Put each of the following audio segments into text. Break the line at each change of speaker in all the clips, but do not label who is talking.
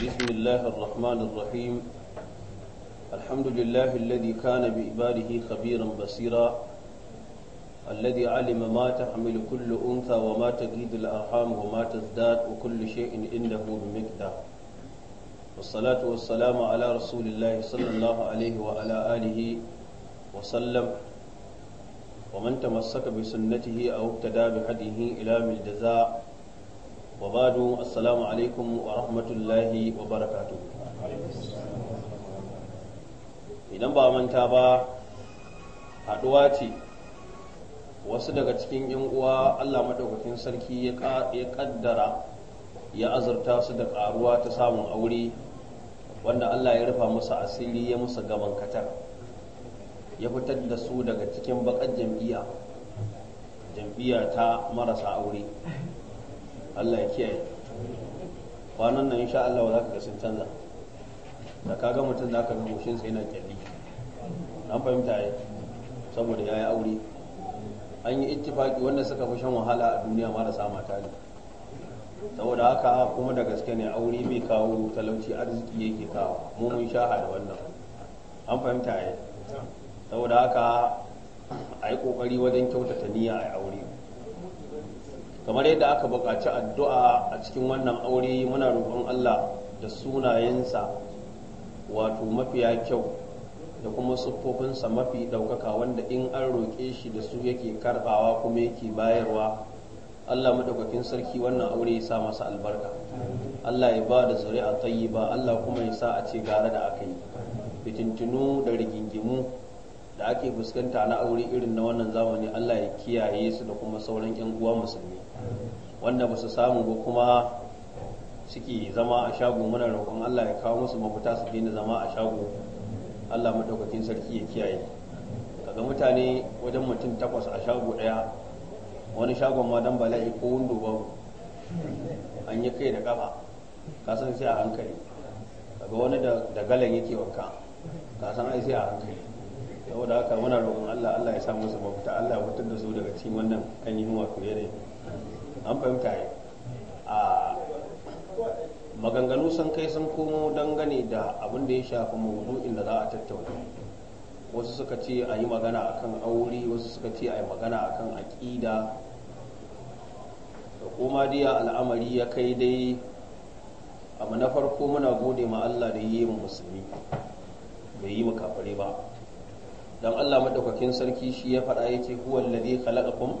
بسم الله الرحمن الرحيم الحمد لله الذي كان بإباده خبيرا بصيرا الذي علم ما تحمل كل أنثى وما تجيد الأرحام وما تزداد وكل شيء عنده بمقدار والصلاة والسلام على رسول الله صلى الله عليه وعلى آله وسلم ومن تمسك بسنته أو ابتدى بهديه إلى الجزاء وبعد السلام عليكم ورحمة الله وبركاته idan ba manta ba haduwa ce wasu daga cikin yan uwa Allah maɗaukakin sarki ya ƙaddara ya azurta su da ƙaruwa ta samun aure wanda Allah ya rufa musu asiri ya musu gaban katar ya fitar da su daga cikin baƙar jam'iyya jam'iyya ta marasa aure Allah ya kiyaye kwanan nan insha Allah za ka ga sun canza da ka ga mutum da aka ga goshin sai na kyalli an fahimta yi saboda ya yi aure an yi ittifaki wanda suka fi shan wahala a duniya sama ta ne saboda haka kuma da gaske ne aure mai kawo talauci arziki yake kawo mu mun sha da wannan an fahimta yi. saboda haka a yi kokari wajen kyautata niyya a aure kamar yadda aka buƙaci addu'a a cikin wannan aure muna roƙon Allah da sunayensa wato mafiya kyau da kuma siffofinsa mafi ɗaukaka wanda in an roƙe shi da su yake karɓawa kuma yake bayarwa Allah madaukakin sarki wannan aure ya sa masa albarka Allah ya ba da zuri'a ba Allah kuma ya sa a ce gara da aka yi fitintinu da rigingimu da ake fuskanta na aure irin na wannan zamani Allah ya kiyaye su da kuma sauran 'yan uwa musulmi wanda ba su samu ba kuma suke zama a shago muna roƙon Allah ya kawo musu mafita su daina zama a shago Allah madaukakin sarki ya kiyaye kaga mutane wajen mutum takwas a shago ɗaya wani shagon ma dan bala'i ko wundo ba an yi kai da kafa kasan sai a hankali kaga wani da galan yake wanka kasan ai sai a hankali yau da haka muna roƙon Allah Allah ya sa musu mafita Allah ya fitar da su daga cikin wannan ainihin wato yare an fahimta yi a maganganu sun kai sun komo dangane da abin da ya shafi maudu'in da za a tattauna wasu suka ce a yi magana a kan aure wasu suka ce a yi magana a akan aƙida da kuma dai al'amari ya kai dai abu na farko muna gode ma Allah da yi mu musulmi bai yi mu kafare ba Don Allah maɗaukakin sarki shi ya faɗa yake huwa allazi khalaqakum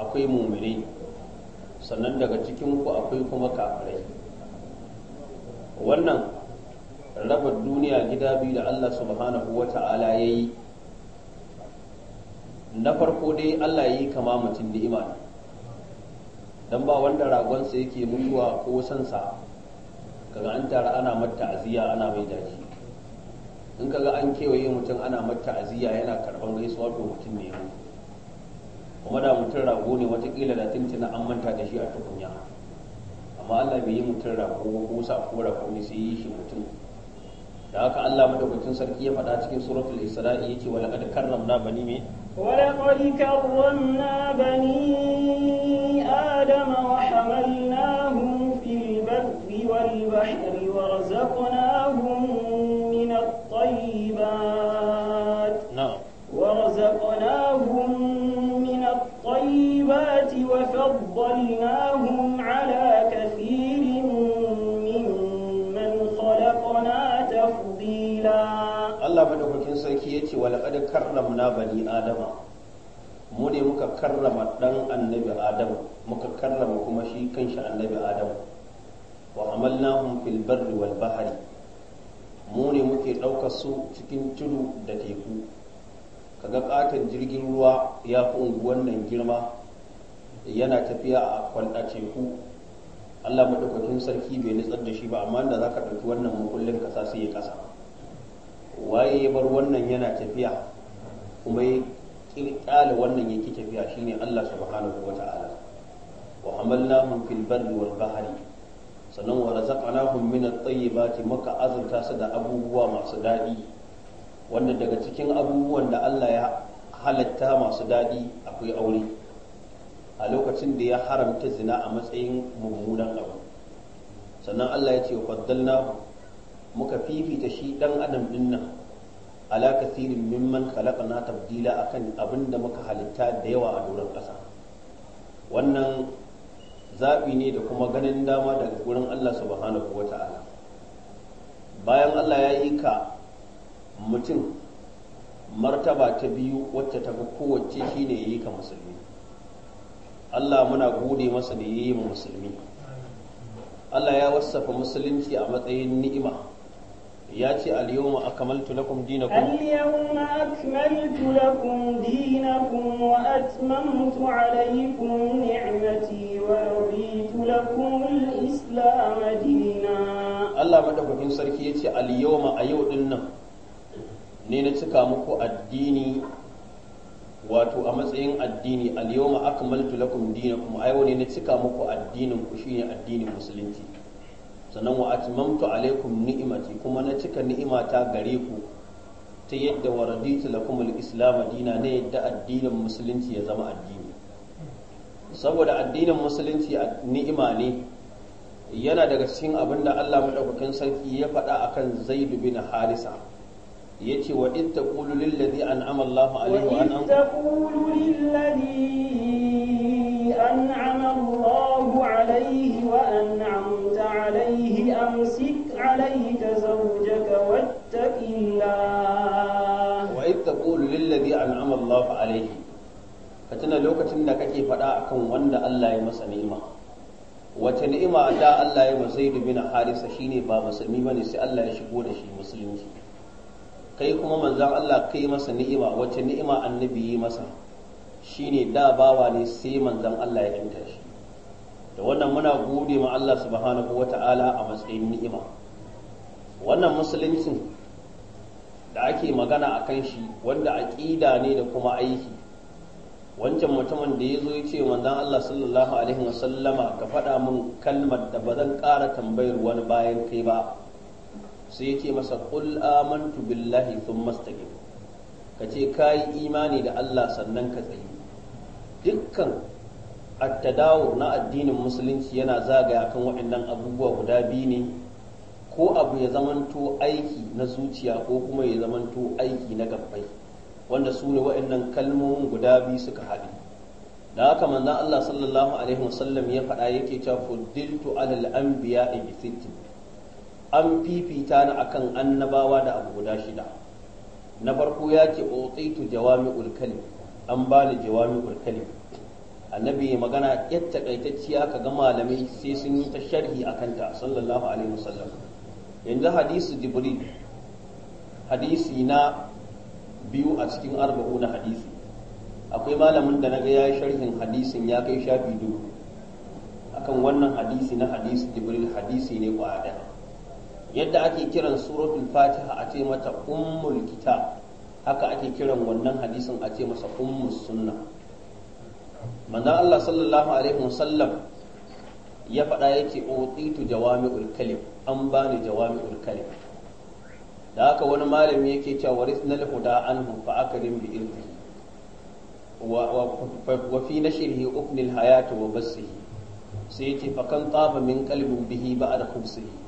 akwai mumini sannan daga cikin ku akwai kuma kafirai wannan raba duniya gida biyu da Allah subhanahu wa ta'ala ya yi na farko dai Allah ya yi kama mutum ni'ima imani don ba wanda ragonsa yake mutuwa ko sansa kaga an tara ana mata aziya ana mai daji in kaga an kewaye mutum ana mata aziya yana karban gaisuwa to mutum ne ya kuma da mutum rago ne watakila da tuntuna an manta da shi a tukunya amma Allah bai yi mutum rago ko sa rago ne sai yi shi mutum da haka Allah madaukakin sarki ya faɗa cikin suratul isra'i yake wa laqad karramna bani me wa
laqad karramna bani adama wa hamalnahum fil barri wal bahri wa razaqnahum فضلناهم على كثير ممن خلقنا تفضيلا
الله مدوكين سيكي يتي ولقد كرمنا بني آدم mu ne muka karrama dan annabi adam muka karrama kuma shi kanshi annabi adam wa amalnahum fil barri wal bahri mu ne muke ɗaukar su cikin tudu da teku kaga katon jirgin ruwa ya fi unguwan nan girma yana tafiya a kwanda teku Allah madaukakin sarki bai nutsar da shi ba amma da zaka ɗauki wannan mukullin kasa sai ya kasa waye ya bar wannan yana tafiya kuma ya kirkala wannan yake tafiya shine Allah subhanahu wata'ala wa hamalnahum fil barri wal bahri sannan wa razaqnahum min at-tayyibati maka azurta su da abubuwa masu daɗi wanda daga cikin abubuwan da Allah ya halatta masu daɗi akwai aure a lokacin da ya haramta zina a matsayin mummunan abu sannan Allah ya ce faddalna muka fifita shi dan adam din nan ala kasirin mimman khalaqna tabdila akan abin da muka halitta da yawa a doron ƙasa wannan zaɓi ne da kuma ganin dama daga gurin Allah subhanahu wata'ala bayan Allah ya yi ka mutum martaba ta biyu wacce ta fi kowace shine ya yi ka musulmi Allah muna gode masa da yi musulmi Allah ya wasafa musulunci a matsayin ni'ima ya ce al-yawma akmaltu lakum dinakum
al-yawma akmaltu lakum dinakum wa atmamtu alaykum ni'mati wa raditu lakum al-islam dinana
Allah madaukakin sarki yace al-yawma a yau din nan ne na cika muku addini wato a matsayin addini alyoma akmaltu lakum dinakum ai wani na cika muku addinin ku shine addinin musulunci sannan wa atmamtu alaikum ni'imati kuma na cika ni'imata gare ku ta yadda wa raditu lakum alislam dina ne yadda addinin musulunci ya zama addini saboda addinin musulunci ni'ima ne yana daga cikin abinda Allah madaukakin sarki ya faɗa akan Zaid bin Harisa yace wa in taqulu lil ladhi an'ama Allahu alayhi wa an'ama
taqulu lil ladhi an'ama Allahu alayhi wa an'amta alayhi amsik alayka zawjaka wattaqillah wa
in taqulu lil ladhi an'ama Allahu alayhi ka tuna lokacin da kake faɗa akan wanda Allah ya masa ni'ima wace ni'ima da Allah ya masa Zaid bin Harisa shine ba musulmi ne, sai Allah ya shigo da shi musulunci kai kuma manzan Allah kai masa ni'ima wacce ni'ima annabi yi masa shine da bawa ne sai manzan Allah ya cuta shi da wannan muna gode ma Allah subhanahu wata'ala a matsayin ni'ima wannan musuluncin da ake magana a kan shi wanda aƙida ne da kuma aiki wancan mutumin da ya zo ya ce manzan Allah sallallahu alaihi wasallama ka faɗa min kalmar da ba zan ƙara tambayar wani bayan kai ba sai ya ce masa qul amantu billahi thumma mastaki. ka ce kai imani da Allah sannan ka tsayi dukkan attadawo na addinin musulunci yana zagaya kan waɗannan abubuwa guda biyu ne ko abu ya zamanto aiki na zuciya ko kuma ya zamanto aiki na gabbai wanda su ne waɗannan kalmomin guda biyu suka haɗu da haka manzon Allah sallallahu alaihi wasallam ya faɗa yake cewa fuddiltu alal anbiya'i bi sittin an fifita ni akan annabawa da abu guda shida na farko ya ce utitu jawami'ul kalim an ba bani jawami'ul kalim annabi magana yadda takaitacciya ka ga malamai sai sun yi ta sharhi a kanta sallallahu alaihi wasallam yanzu hadisi jibril hadisi na biyu a cikin arba'u na hadisi akwai malamin da na ga ya sharhin hadisin ya kai shafi dubu akan wannan hadisi na hadisi jibril hadisi ne kwaya ɗaya yadda ake kiran suratul fatiha a ce mata ummul kita haka ake kiran wannan hadisin a ce masa ummul sunna manzon Allah sallallahu alaihi wasallam ya faɗa yake utitu jawami'ul kalim an bani jawami'ul kalim da haka wani malami yake cewa warisnal huda anhu fa akadim bi ilmi wa fi nashrihi uknil hayatu wa basihi sai yace fa kan taba min qalbin bihi ba'da khubsihi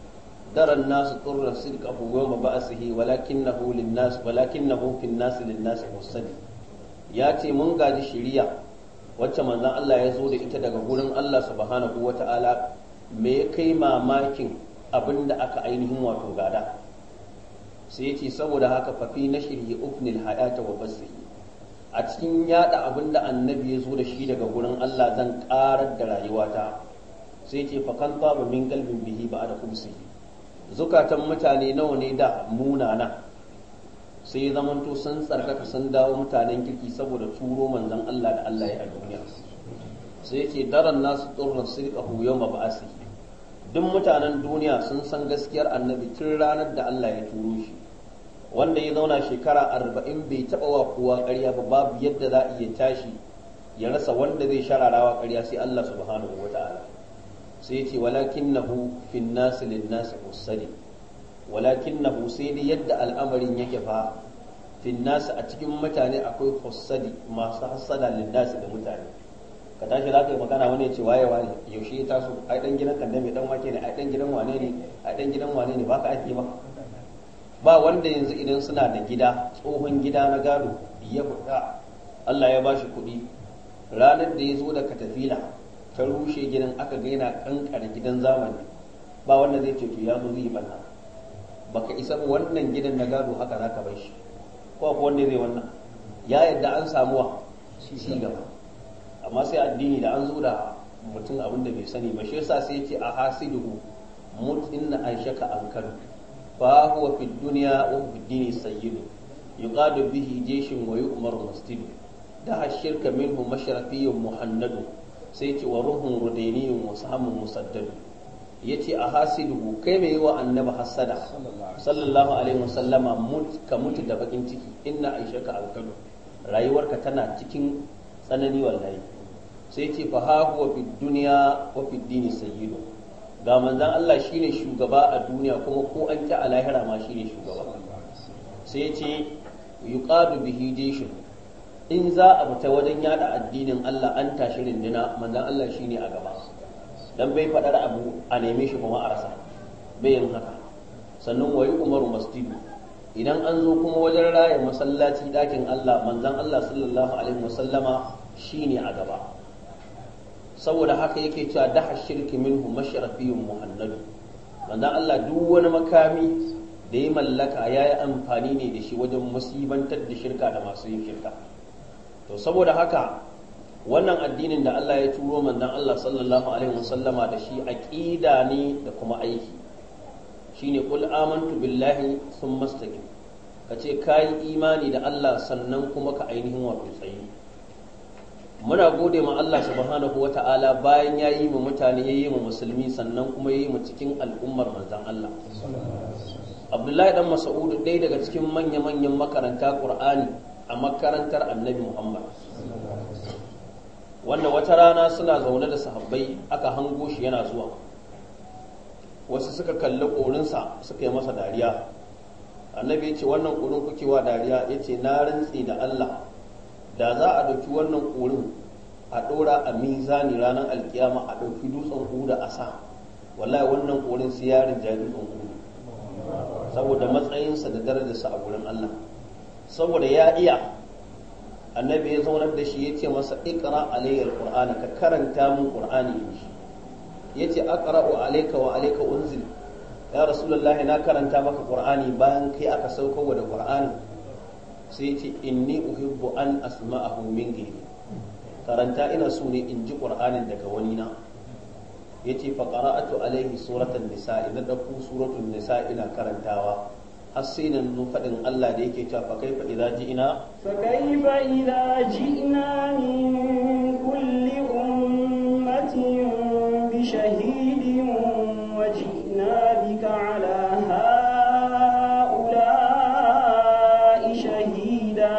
ترى الناس قر صدقه يوم بأسه ولكنه للناس ولكنه في الناس للناس مستدي ياتي من قاد الشريعة wacce manzon Allah ya zo da ita daga gurin Allah subhanahu wa ta'ala me ya kai mamakin abin da aka ainihin wato gada sai ya ce saboda haka fafi na shirye ufnil hayata wa basiri. a cikin yada abin da annabi ya zo da shi daga gurin Allah zan karar da rayuwata sai ce fakan min galbin bihi ba da kumsihi zukatan mutane nawa ne da munana sai zamanto sun tsarkaka sun dawo mutanen kirki saboda turo manzon Allah da Allah ya a duniya sai yake daren nasu tsoron sirkahu ba maba'asi duk mutanen duniya sun san gaskiyar annabi tun ranar da Allah ya turo shi wanda ya zauna shekara arba'in bai taba wa kowa karya ba babu yadda za a iya tashi ya rasa wanda zai shararawa karya sai Allah subhanahu wa ta'ala sai ce walakin na walakinnahu fin nas lin walakin na hu sai dai yadda al'amarin yake fa fin nas a cikin mutane akwai hussadi masu hassada lin nas da mutane ka tashi za ka yi magana wani ya ce waye wani yaushe ya taso ai dan gidan kan dame dan wake ne ai dan gidan wane ne ai dan gidan wane ne ka ake ba ba wanda yanzu idan suna da gida tsohon gida na gado ya fita Allah ya bashi kuɗi ranar da ya zo da katafila ta rushe gidan aka ga yana kankare gidan zamani ba wanda zai ce to ya zo zai banna baka isa wannan gidan na gado haka zaka bar shi ko ko wanda zai wannan ya yadda an samu wa shi gaba amma sai addini da an zo da mutum abin da bai sani ba shi yasa sai ce a hasiduhu mut inna aishaka ankaru fa huwa fid dunya wa fid dini sayyidu yuqadu bihi jayshin wa yu'maru masjidu da hashirka minhu mashrafiyyun muhannadu sai ce wa ruhun rudainiyun wa samun musaddadu ya ce a hasidu kai mai wa Annabi hassada sallallahu alaihi wasallama ka mutu da bakin ciki inna aishaka ka alkalu rayuwarka tana cikin tsanani wallahi sai ce fa ha huwa fid duniya wa fid dini sayyidu ga manzon Allah shine shugaba a duniya kuma ko an ki a lahira ma shine shugaba sai ce yuqadu bihi jayshun in za a fita wajen yada addinin Allah an tashi rindina manzan Allah ne a gaba dan bai fadar abu a neme shi kuma a rasa bai yin haka sannan wayi umaru masjidu idan an zo kuma wajen raya masallaci dakin Allah manzan Allah sallallahu alaihi wasallama ne a gaba saboda haka yake cewa daha shirki minhu mashrafiyun muhannadu manzan Allah duk wani makami da ya mallaka ya yi amfani ne da shi wajen musibantar da shirka da masu yin shirka to saboda haka wannan addinin da Allah ya turo manzon Allah sallallahu alaihi wasallama da shi aqida ne da kuma aiki shine qul amantu billahi thumma istaqim kace kai imani da Allah sannan kuma ka ainihin wato tsayi muna gode ma Allah subhanahu wata'ala bayan yayi yi mu mutane ya yi mu musulmi sannan kuma yayi mu cikin al'ummar manzon Allah Abdullahi dan Mas'ud ɗaya daga cikin manya-manyan makaranta Qur'ani a makarantar annabi muhammad wanda wata rana suna zaune da sahabbai aka hango shi yana zuwa wasu suka kalli ƙorinsa suka yi masa dariya annabi ya ce wannan ƙorin kukewa dariya ya ce na rantsi da allah da za a ɗauki wannan ƙorin a ɗora a mizani ranar alkiyama a ɗauki dutsen huda a sa wallahi wannan ƙorin siyarin yarin huda saboda matsayinsa da darajarsa a gurin allah saboda ya iya annabi ya zaunar da shi ya ce masa ikra alayyar qur'ana ka karanta min qur'ani ya ce aqra'u alayka wa alayka unzil ya rasulullah na karanta maka qur'ani bayan kai aka sauko da qur'ani sai ya ce inni uhibbu an asma'ahu min ghayri karanta ina so ne in ji qur'anin daga wani na yace fa qara'atu alayhi suratan nisa'i na dauko suratul nisa'i na karantawa hasinan zo faɗin Allah da yake cewa fa kaifa idza ji'na
fa kaifa idza ji'na min kulli ummatin bi shahidin wa ji'na bika ala ha'ula'i shahida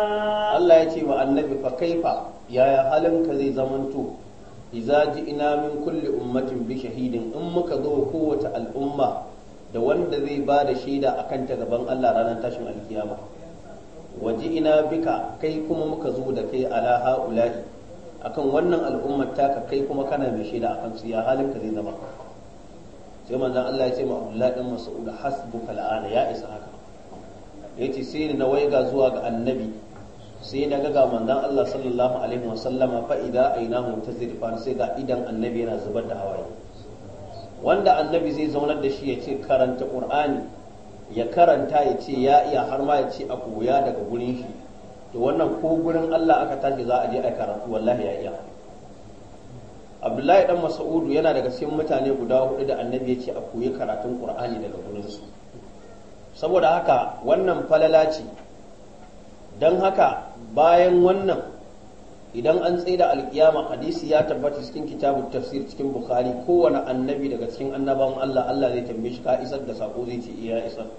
Allah ya
ce wa annabi fa kaifa yaya halinka zai zamanto idza ji'na min kulli ummatin bi shahidin in muka zo kowace al'umma da wanda zai ba da shaida a kan ta gaban Allah ranar tashin alkiyama waje ina bika kai kuma muka zo da kai ala ha'ula'i akan wannan al'ummar taka kai kuma kana mai shaida a kansu ya halin ka zai zama sai manzon Allah ya ce ma Abdullahi dan Mas'ud hasbuka ya isa haka yace sai ni na waiga zuwa ga annabi sai na ga manzon Allah sallallahu alaihi wasallama fa idza ainahu tazrifan sai ga idan annabi yana zubar da hawaye wanda annabi zai zaunar da shi ya ce karanta ƙur'ani ya karanta ya ce ya iya har ma ya ce a koya daga gurin shi to wannan ko gurin Allah aka tashi za a je a karatu wallahi ya iya Abdullahi dan Mas'udu yana daga cikin mutane guda hudu da annabi ya ce a koyi karatun ƙur'ani daga gurin su saboda haka wannan falala ce don haka bayan wannan idan an tsaida alkiyama hadisi ya tabbata cikin kitabun tafsir cikin bukhari kowane annabi daga cikin annabawan Allah Allah zai tambaye shi ka isar da sako zai ce iya eh, isar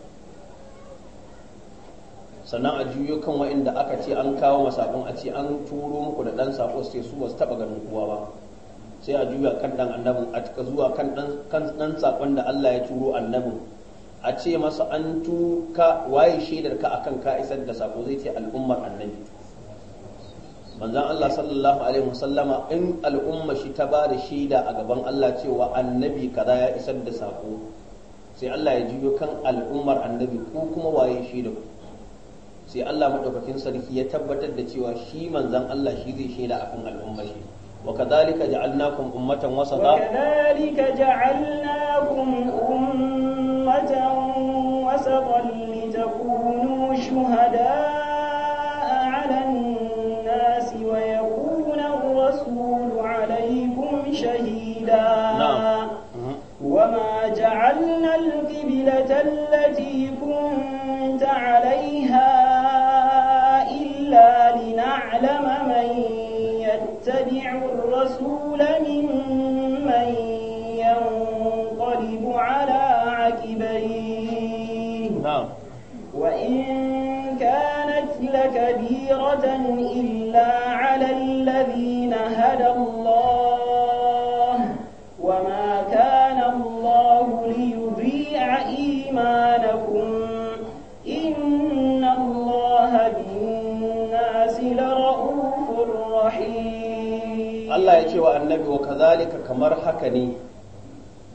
sannan a juyo kan wa'inda aka ce an kawo masakon a ce an turo muku da dan sako sai su ba su taba ganin kowa ba sai a juya kan dan annabin a cika zuwa kan dan sakon da Allah ya turo annabin a ce masa an tuka waye shaidar ka akan ka isar da sako zai ce al'ummar annabi manzon Allah sallallahu alaihi wasallama in al'umma shi ta ba da shaida a gaban Allah cewa annabi kaza ya isar da sako sai Allah ya juyo kan al'ummar annabi ko kuma waye shaida ku sai Allah madaukakin sarki ya tabbatar da cewa shi manzan Allah shi zai shaida kan al'ummar shi wa kadhalika ja'alnakum ummatan wasata wa
kadhalika ja'alnakum ummatan wasatan litakunu shuhada'a
kazalika kamar haka ne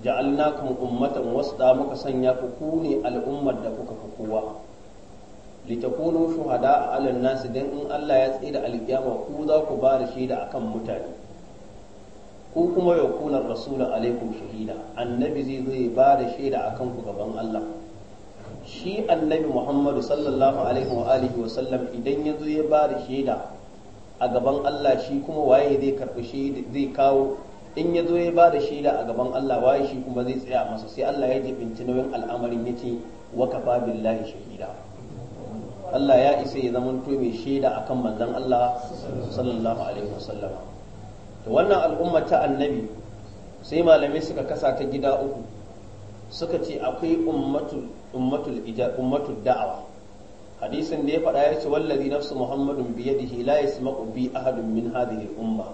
ja'alnakum ummatan wasda muka sanya ku ku ne al'ummar da kuka fi kowa litakunu shuhada ala nasi dan in Allah ya tsira alkiyama ku za ku ba da shaida akan mutane kuma ya kuna rasulu alaikum shahida annabi zai zai ba da shaida akan ku gaban Allah shi annabi Muhammadu sallallahu alaihi wa alihi wa sallam idan ya zo ya ba da shaida a gaban Allah shi kuma waye zai zai kawo in ya zo ya ba da shaida a gaban Allah waye shi kuma zai tsaya masa sai Allah ya jibinci nauyin al'amarin yace wa kafa billahi shahida Allah ya isa ya zama to mai shaida akan manzon Allah sallallahu alaihi wasallam to wannan al'umma ta annabi sai malamai suka kasa ta gida uku suka ce akwai ummatul ummatul ummatul da'awa hadisin da ya faɗa ya ce wallazi nafsu muhammadun biyadihi la yasma'u bi ahadun min hadhihi al-umma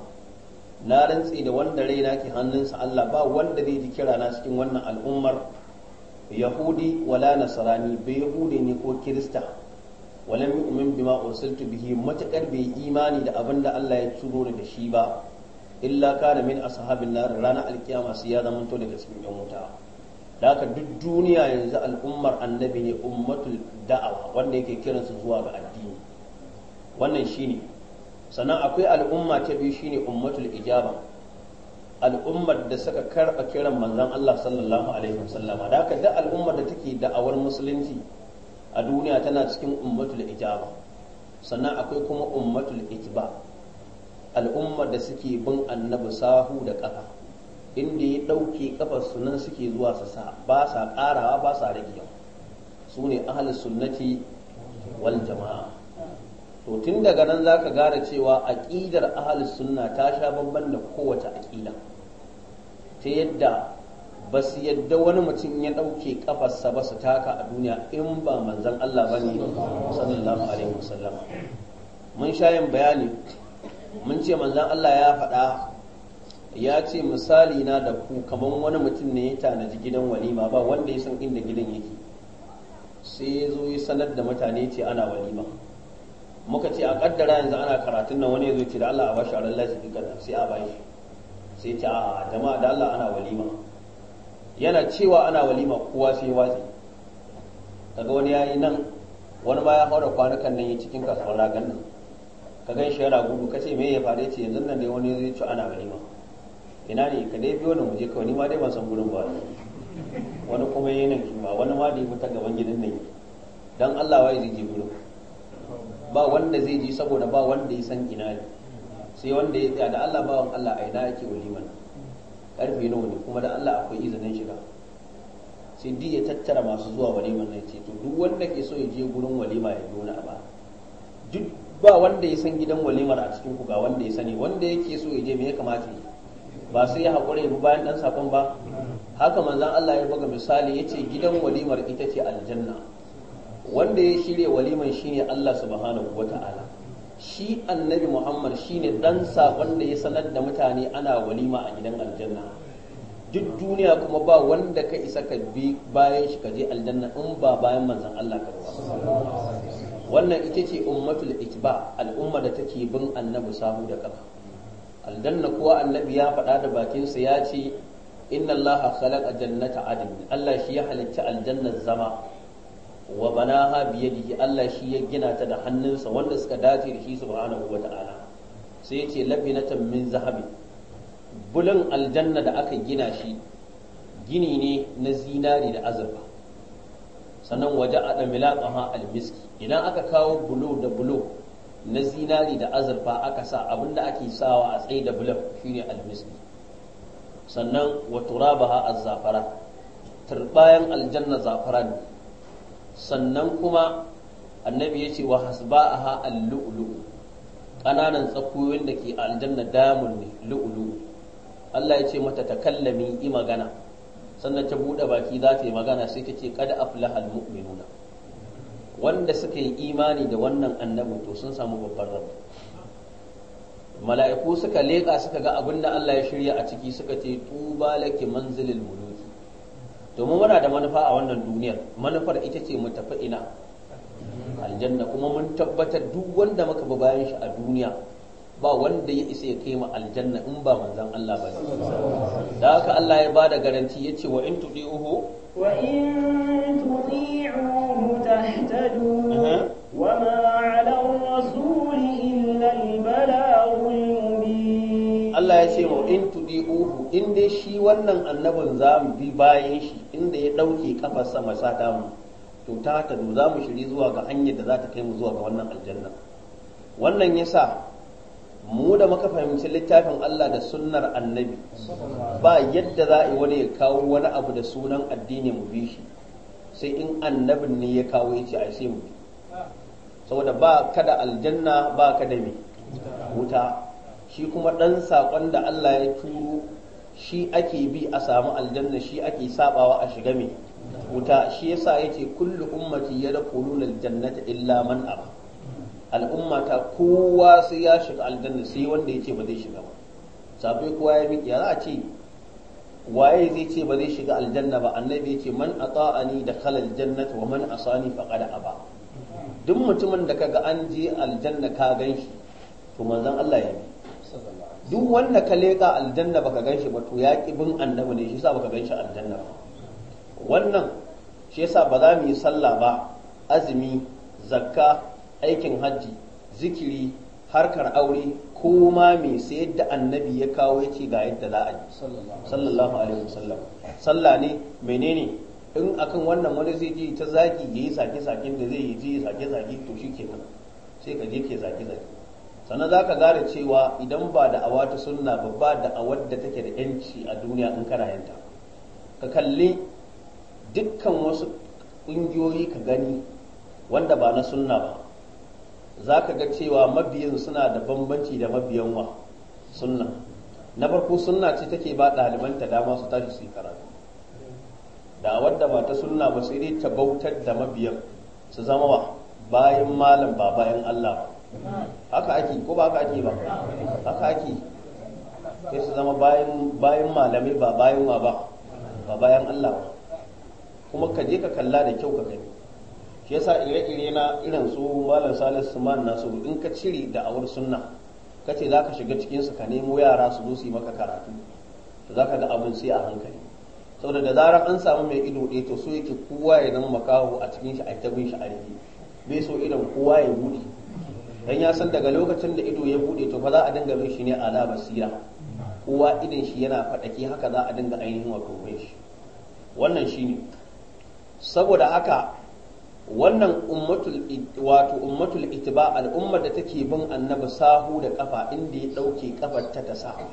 na rantse da wanda raina ke hannunsa Allah ba wanda zai ji kira na cikin wannan al'ummar yahudi wala nasarani bai yahudi ne ko kirista Wala yu'min bima ursiltu bihi matakar bai imani da abin da Allah ya turo da shi ba illa kana min ashabin nar ranar alkiyama sai ya zama to daga cikin yan wuta da haka duk duniya yanzu al'ummar annabi ne ummatul da'awa wanda yake kiransu zuwa ga addini wannan shine sannan akwai al'umma ta biyu shine ummatul ijaba al'ummar da suka karba kiran manzon Allah sallallahu alaihi wasallam da haka da al'ummar da take da'awar musulunci a duniya tana cikin ummatul ijaba sannan akwai kuma ummatul ijba al'ummar da suke bin annabi sahu da ƙafa inda ya ɗauke kafar sunan suke zuwa su sa ba sa ƙarawa ba sa ragewa su ne ahal sunnati wal jama'a to tun daga nan za ka gane cewa aƙidar ahalus sunna ta sha bamban da kowace aƙida ta yadda ba su yadda wani mutum ya ɗauke ƙafarsa ba su taka a duniya in ba manzan Allah ba ne sallallahu alaihi wasallam mun sha yin bayani mun ce manzan Allah ya faɗa ya ce misali na da ku kamar wani mutum ne ya tanaji gidan walima ba wanda ya san inda gidan yake sai ya zo ya sanar da mutane ce ana walima muka ce a kaddara yanzu ana karatun nan wani ya ce da Allah a bashi a lallai su dukkan sai a bashi sai ce a jama'a da Allah ana walima yana cewa ana walima kowa sai watsi kaga wani ya yi nan wani ma ya haura kwanukan nan yi cikin kasuwar ragan nan ka gan shi yana gudu ce me ya faru ce yanzu nan dai wani zai ce ana walima ina ne ka dai biyo nan muje kawai ni ma dai ban san gurin ba wani kuma yi nan kima wani ma da ya fita gaban gidan nan dan Allah wai zai ji gurin ba wanda zai ji saboda ba wanda ya san ina ne sai wanda ya tsaya da Allah bawan Allah a ina yake waliman karfe nawa ne kuma da Allah akwai izinin shiga sai duk ya tattara masu zuwa waliman nan ce to duk wanda ke so ya je gurin walima ya zo na ba duk ba wanda ya san gidan walimar a cikin ku ga wanda ya sani wanda yake so ya je me ya kamata yi ba sai ya haƙura ya bi bayan ɗan sakon ba haka manzon Allah ya buga misali ya ce gidan walimar ita ce aljanna wanda ya shirya waliman shine Allah subhanahu wata'ala shi annabi Muhammad shine dan sabon da ya sanar da mutane ana walima a gidan aljanna duk duniya kuma ba wanda ka isa ka bi bayan shi ka je aljanna in ba bayan manzon Allah ka wannan ita ce ummatul itba al'umma da take bin annabi sahu da kafa aljanna kuwa annabi ya faɗa da bakinsa ya ce inna allaha khalaqa jannata adn Allah shi ya halitta aljannar zama wa banaha biyadihi Allah shi ya gina ta da hannunsa wanda suka dace da shi subhanahu wata'ala sai yace labinatan min zahabi bulan aljanna da aka gina shi gini ne na zinari da azurfa sannan waje a ɗamila ƙaha almiski idan aka kawo bulo da bulo na zinari da azurfa aka sa abinda ake sawa a tsaye da bulan shine almiski sannan wa turabaha az-zafara turbayan aljanna zafara ne sannan kuma annabi ya ce wa hasba'aha al lu’ulu’u ƙananan tsakuyoyin da ke aljanna damun ne lu’ulu’u Allah ya ce mata ta takallami yi magana sannan ta buɗe baki za ta yi magana sai ta ce kada aflahal mu'minuna wanda suka yi imani da wannan annabin to sun samu babban rabu mala'iku suka leƙa suka ga abin da Allah ya shirya a ciki suka ce tuba laki manzilil mulu domin muna da manufa a wannan duniyar manufar ita ce mu tafi ina aljanna kuma mun tabbatar duk wanda muka bi bayan shi a duniya ba wanda ya isa ya kai mu aljanna in ba manzon Allah ba da haka Allah ya bada garanti ce, wa in tudihu
wa in tudihu mutahtadu uh-huh. wa ma ala rasuli illa al
Allah ya ce mu in tudi uhu in dai shi wannan annabin za mu bi bayan shi inda ya ɗauke kafar sama sa mu to ta ta za mu shiri zuwa ga hanyar da za ta kai mu zuwa ga wannan aljanna wannan yasa mu da muka fahimci littafin Allah da sunnar annabi ba yadda za a yi wani ya kawo wani abu da sunan addini mu bi shi sai in annabin ne ya kawo ya ce a sai mu saboda ba ka da aljanna ba ka da me wuta shi kuma ɗan saƙon da Allah ya turo shi ake bi a samu aljanna shi ake sabawa a shiga mai wuta shi yasa yace kullu ummati yadkhuluna aljannata illa man aba al'umma ta kowa sai ya shiga aljanna sai wanda ce ba zai shiga ba sabai kowa ya miki ya za a ce waye zai ce ba zai shiga aljanna ba annabi yace man ata'ani dakhala aljannata wa man asani faqad aba duk mutumin da kaga an je aljanna ka ganshi to manzon Allah ya yi duk wanda ka leƙa aljanna baka ganshi ba to ya ƙi bin annabi ne shi yasa baka ganshi aljanna ba wannan shi yasa ba za mu yi sallah ba azumi zakka aikin hajji zikiri harkar aure ko ma me sai yadda annabi ya kawo yake ga yadda za a yi sallallahu alaihi wasallam sallah ne menene in akan wannan wani zai je ta zaki yayi sake saken da zai yi ji sake sake to kenan sai ka je ke zaki zaki sannan za ka gane cewa idan ba da awa ta sunna ba ba da awar da take da yanci a duniya in kana yanta ka kalli dukkan wasu ƙungiyoyi ka gani wanda ba na sunna ba za ka ga cewa mabiyan suna da bambanci da mabiyan wa sunna na farko sunna ce take ba ɗalibanta dama su tashi su yi karatu da wadda ba ta sunna ba sai dai ta bautar da mabiyan su zama wa bayan malam ba bayan Allah ba haka ake ko ba haka ake ba haka ake sai su zama bayan malami malamai ba bayan wa ba ba bayan Allah ba kuma ka je ka kalla da kyau ka kai. shi yasa ire-ire na irin su malam Salisu Suman nasu in ka cire da awar sunna za ka shiga cikin ka nemo yara su zo su maka karatu to ka ga abin sai a hankali saboda da zarar an samu mai ido ɗaya to so yake kowa ya zama makaho a cikin shi a tabin shi a bai so irin kowa ya buɗe dan ya san daga lokacin da ido ya bude to fa za a dinga bin shi ne ala basira kowa idan shi yana fadaki haka za a dinga ainihin wato bin shi wannan shine saboda haka wannan ummatul wato ummatul itiba al'ummar da take bin annabi sahu da kafa inda ya dauke kafar ta ta sahu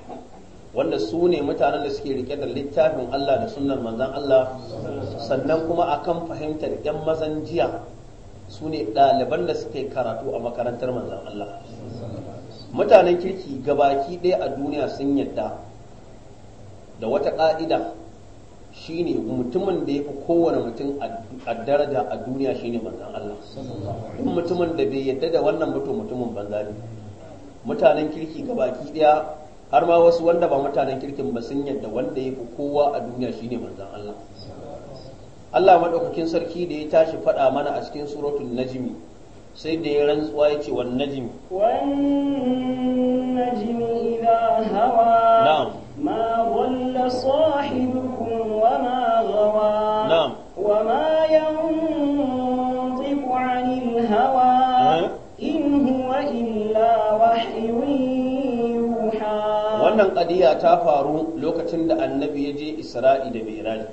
wanda su ne mutanen da suke rike da littafin Allah da sunnar manzon Allah sannan kuma akan fahimtar yan mazan jiya su ne ɗaliban da suka yi karatu a makarantar manzan Allah mutanen kirki gabaki ɗaya a duniya sun yadda da wata ƙa'ida shine mutumin da ya fi kowane mutum a daraja a duniya shine manzan Allah duk mutumin da bai yadda da wannan mutum mutumin banza ne mutanen kirki gabaki ɗaya har ma wasu wanda ba mutanen kirkin ba sun yadda wanda ya fi kowa a duniya shine manzan Allah Allah maɗaukakin sarki da ya tashi faɗa mana a cikin suratul najmi sai da ya rantsuwa ya ce wan najmi
wan najmi idha hawa na'am ma dhalla sahibukum wa ma ghawa na'am wa ma yanṭiqu 'anil hawa eh? in huwa illa wahyun yuha wannan
qadiya ta faru lokacin da annabi ya je Isra'i da Mi'raj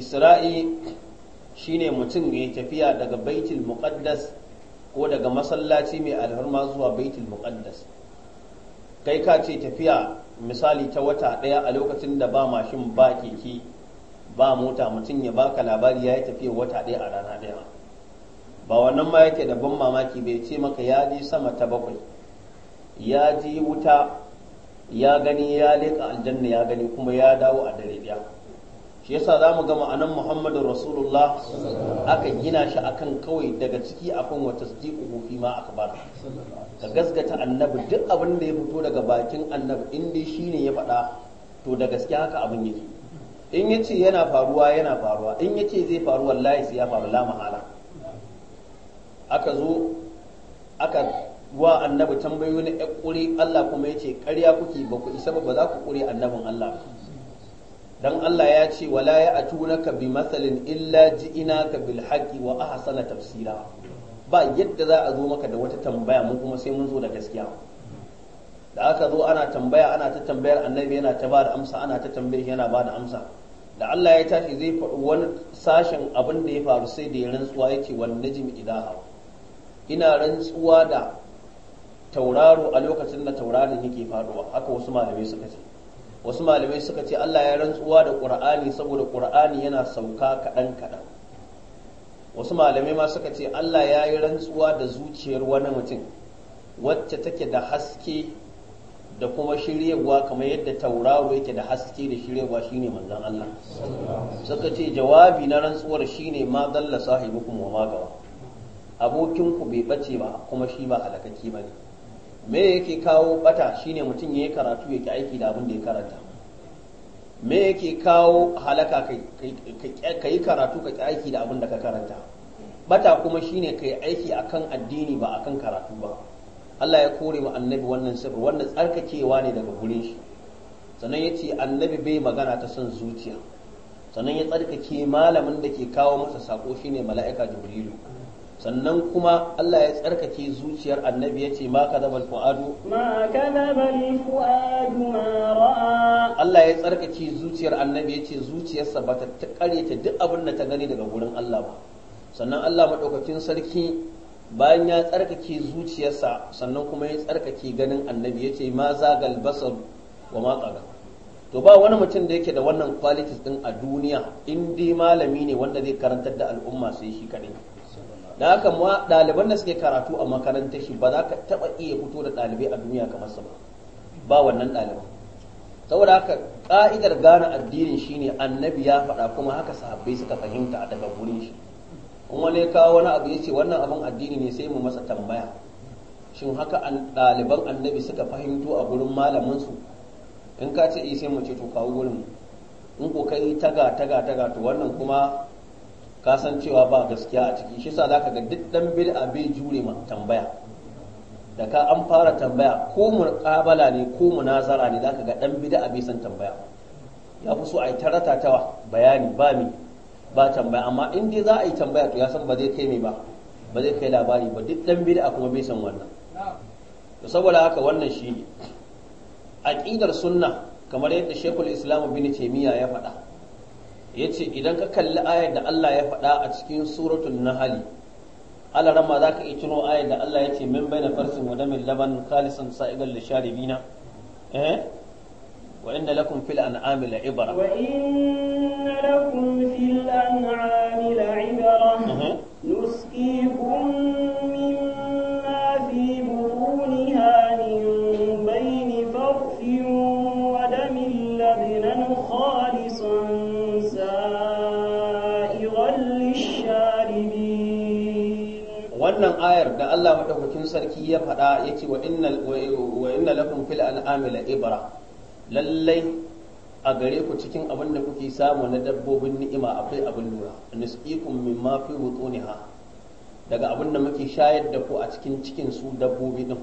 isra'i shine mutum ya tafiya daga baitul muqaddas ko daga masallaci mai alharma zuwa baitul muqaddas kai ka ce tafiya misali ta wata ɗaya a lokacin da ba mashin ba keke ba mota mutum ya baka labari ya yi tafiya wata ɗaya a rana ɗaya ba wannan ma yake da ban mamaki bai ce maka ya ji sama ta bakwai ya ji wuta ya gani ya leƙa aljanna ya gani kuma ya dawo a dare ɗaya shi yasa za mu gama anan muhammadin rasulullah aka gina shi akan kawai daga ciki akan wata tasdiqu fi ma akbar ka gaskata annabi duk abin da ya fito daga bakin annabi in dai shine ya faɗa to da gaskiya haka abin yake in yace yana faruwa yana faruwa in yace zai faru wallahi sai ya faru la mahala aka zo aka wa annabi tambayoyi na ƙure Allah kuma ya ce ƙarya kuke ba ku isa ba za ku ƙuri annabin Allah ba dan Allah ya ce wala ya atunaka bi masalin illa ka bil haqqi wa ahsana tafsira ba yadda za a zo maka da wata tambaya mu kuma sai mun zo da gaskiya da aka zo ana tambaya ana ta tambayar annabi yana ta bada amsa ana ta tambayar yana bada amsa da Allah ya tashi zai faɗi wani sashen abin da ya faru sai da ya rantsuwa yake wan najm idaha ina rantsuwa da tauraro a lokacin da tauraron yake faduwa haka wasu malamai suka ce wasu malamai suka ce Allah ya rantsuwa da Qur'ani saboda Qur'ani yana sauka kaɗan kaɗan wasu malamai ma suka ce Allah ya yi rantsuwa da zuciyar wani mutum wacce take da haske da kuma shiryewa kamar yadda tauraro yake da haske da shiryewa shine manzon Allah suka ce jawabi na rantsuwar shine ma dalla sahibukum wa magawa gawa abokinku bai bace ba kuma shi ba halakaki ne. me yake kawo bata shine mutum ya yi karatu ya ki aiki da abin da ya karanta me yake kawo halaka ka yi karatu ka ki aiki da abin da ka karanta bata kuma shine ka yi aiki akan addini ba akan karatu ba Allah ya kore mu annabi wannan sifir wannan tsarkakewa ne daga gure shi sannan ya ce annabi bai magana ta son zuciya sannan ya tsarkake malamin da ke kawo masa sako shine mala'ika jibrilu sannan kuma Allah ya tsarkake zuciyar annabi ya ce ma ka fuadu ma
fuadu Allah
ya tsarkake zuciyar annabi ya ce zuciyarsa ba ta karyata duk abin da ta gani daga wurin Allah ba sannan Allah madaukakin sarki bayan ya tsarkake zuciyarsa sannan kuma ya tsarkake ganin annabi ya ce ma zagal basar wa ma to ba wani mutum da yake da wannan qualities din a duniya in dai malami ne wanda zai karantar da al'umma sai shi kaɗai da haka ma ɗaliban da suke karatu a makarantar shi ba za ka taɓa iya fito da ɗalibai a duniya kamar sa ba ba wannan ɗaliban saboda haka ƙa'idar gane addinin shine annabi ya faɗa kuma haka sahabbai suka fahimta daga gurin shi kuma ne kawo wani abu yace wannan abin addini ne sai mu masa tambaya shin haka ɗaliban annabi suka fahimto a gurin malamin su in ka ce eh sai mu ce to kawo gurin in ko kai taga taga taga to wannan kuma ka cewa ba gaskiya a ciki shi sa ka ga duk dan bid'a bai jure ma tambaya da ka an fara tambaya ko ƙabala ne ko munazara ne zaka ga dan bid'a bai san tambaya ya fi so a yi taratatawa bayani ba mi ba tambaya amma in dai za a yi tambaya to ya san ba zai kai mai ba ba zai kai labari ba duk dan bid'a kuma bai san wannan to saboda haka wannan shi ne aqidar sunna kamar yadda shekul Islam bin taimiyya ya faɗa yace idan ka kalli ayar da Allah ya faɗa a cikin suratul nahl Allah rama zaka iya tuno ayar da Allah yace min baina farsin wa damin laban khalisan sa'igal lisharibina eh wa inna lakum fil an'ami la'ibra wa
inna lakum fil an'ami la'ibra eh? nusqikum
Allah madaukakin sarki ya faɗa yake wa innal wa inna lakum fil an'ami la ibra lallai a gare ku cikin abin da kuke samu na dabbobin ni'ima akwai abin lura nusqikum mimma fi wutuniha daga abin da muke shayar da ku a cikin cikin su dabbobi din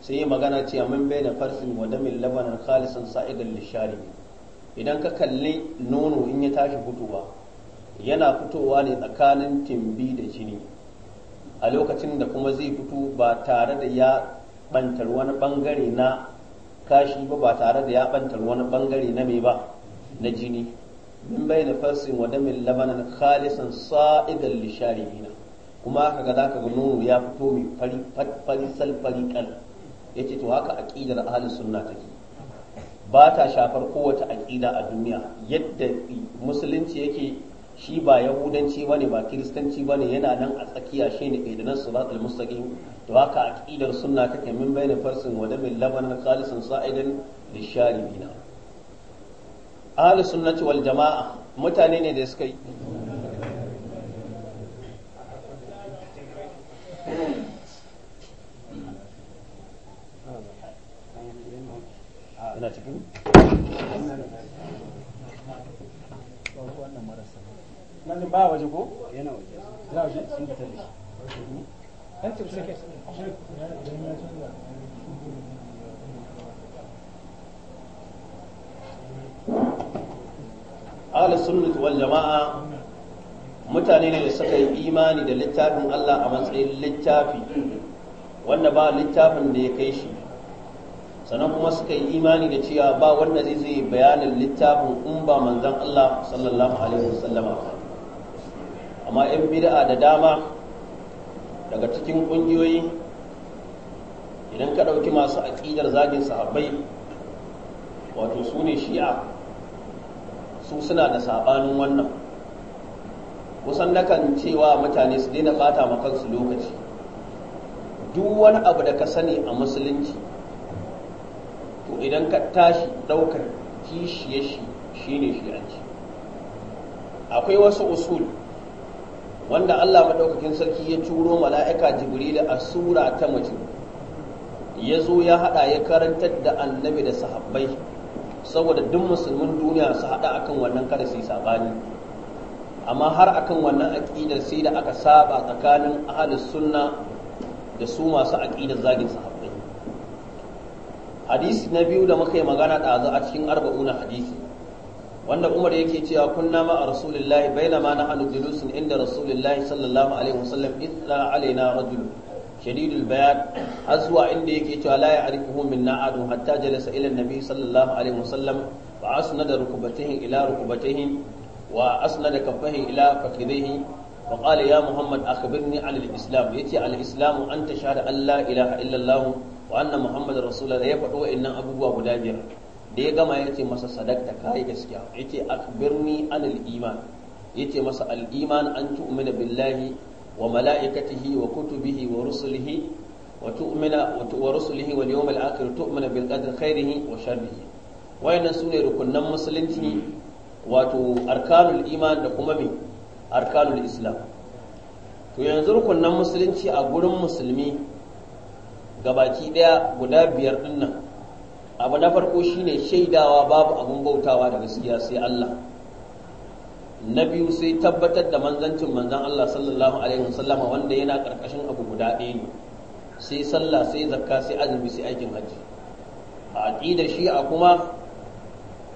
sai magana ce mun bayyana farsin wa damin labanan khalisan sa'idan lishari idan ka kalli nono in ya tashi fitowa yana fitowa ne tsakanin timbi da jini a lokacin da kuma zai fito ba tare da ya bantar wani bangare na kashi ba ba tare da ya bantar wani bangare na mai ba na jini min bai da farsin wa damin labanan khalisan sa'idan lisharihina kuma haka ga zaka ga nono ya fito mai fari fari sal fari kal yace to haka aqidar ahlus sunna take ba ta shafar kowace aqida a duniya yadda musulunci yake shi ba yahudanci ba ne ba kiristanci ba ne yana nan a tsakiya shi ne su siratul mustaqim to haka aqidar sunna take min bayna farsin wa na labanan khalisin sa'idan lisharibina ahli sunnati wal jama'a mutane ne da suka yi ina
ba waje ko yana waje Za a sun fitar da shi
an tafi wal jama'a mutane ne da suka yi imani da littafin Allah a matsayin littafi wanda ba littafin da ya kai shi sannan kuma suka yi imani da cewa ba wanda zai zai bayanin littafin in ba manzon Allah sallallahu alaihi wasallama ba amma 'yan bid'a da dama daga cikin ƙungiyoyi idan ka ɗauki masu aƙidar zagin sahabbai wato su ne shi'a su suna da sabanin wannan kusan nakan cewa mutane su daina ɓata ma kansu lokaci duk wani abu da ka sani a musulunci to idan ka tashi ɗaukar kishiye shi shine shi'anci akwai wasu usul wanda Allah madaukakin sarki ya turo mala'ika jibril a sura ta mace ya zo ya hada ya karantar da annabi da sahabbai saboda duk musulmin duniya su haɗa akan wannan kada su sabani amma har akan wannan aqidar sai da aka saba tsakanin ahlus sunna da su masu aƙidar zagin sahabbai hadisi na biyu da muka yi magana ɗazu a cikin arba'una hadisi wanda Umar yake cewa kunna ma rasulillahi bainama nahnu julusun inda rasulillahi sallallahu alaihi wasallam idna alaina rajul shadidul bayan har zuwa inda yake cewa la ya'rifuhu minna adu hatta jalasa ila nabi sallallahu alaihi wasallam fa da rukbatayhi ila rukbatayhi wa da kaffayhi ila fakhidayhi فقال يا محمد أخبرني عن الإسلام يتي على الإسلام أن تشهد أن لا إله إلا الله وأن محمد رسول الله يفعل abubuwa guda هدابير da ya gama ya ce masa sadakta kai gaskiya ya ce akbirni anil iman ya ce masa al'iman an tu'mina billahi wa mala'ikatihi wa kutubihi wa rusulihi wa tu'mina wa rusulihi wal yawmil akhir tu'mina bil qadri khairihi wa sharrihi wayannan sune rukunnan musulunci wato arkanul iman da kuma me arkanul islam to yanzu rukunnan musulunci a gurin musulmi gabaki daya guda biyar dinnan abu na farko shine shaidawa babu abun bautawa da gaskiya sai Allah na biyu sai tabbatar da manzancin manzan Allah sallallahu alaihi wasallam wanda yana karkashin abu guda ɗaya ne sai sallah sai zakka sai azumi sai aikin hajji a shi a kuma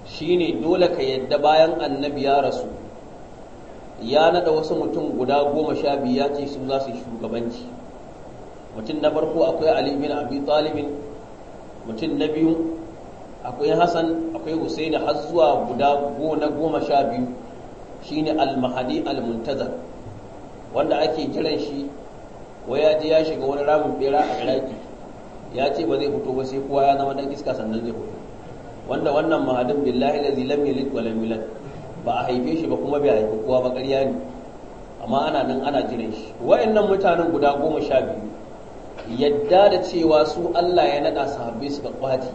shine dole ka yadda bayan annabi ya rasu ya naɗa wasu mutum guda goma sha biyu ya ce su za su shugabanci mutum na farko akwai ali bin abi talibin mutum na biyu akwai hassan akwai husaini har zuwa guda gona goma sha biyu shine al-mahadi al-muntazar wanda ake jiran shi waya ji ya shiga wani ramin bera a iraki ya ce ba zai fito ba sai kowa ya zama dan iska sannan zai fito wanda wannan mahadin billahi da lam yalid ba a haife shi ba kuma bai haifi kowa ba ƙarya ne amma ana nan ana jiran shi wayannan mutanen guda goma sha biyu yadda da cewa su Allah ya naɗa sahabbai ga kwaci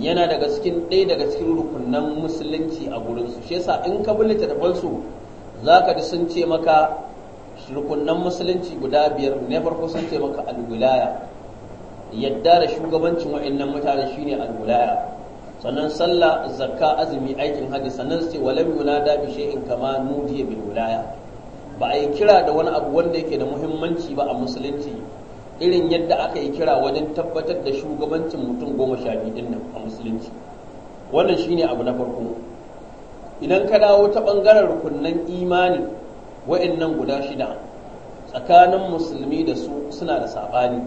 yana daga cikin ɗaya daga cikin rukunan musulunci a gurinsu shi yasa in ka bi littattafansu za ka ji sun ce maka rukunan musulunci guda biyar na farko sun ce maka alwilaya yadda da shugabancin wa'annan mutane shine alwilaya sannan sallah zakka azumi aikin hajji sannan su ce walam yunada bi shay'in kama nudiya bil wilaya ba a yi kira da wani abu wanda yake da muhimmanci ba a musulunci irin yadda aka yi kira wajen tabbatar da shugabancin mutum goma sha biyu din nan a musulunci wannan shine abu na farko idan ka dawo ta ɓangaren rukunnan imani wa'annan guda shida tsakanin musulmi da su suna da saɓani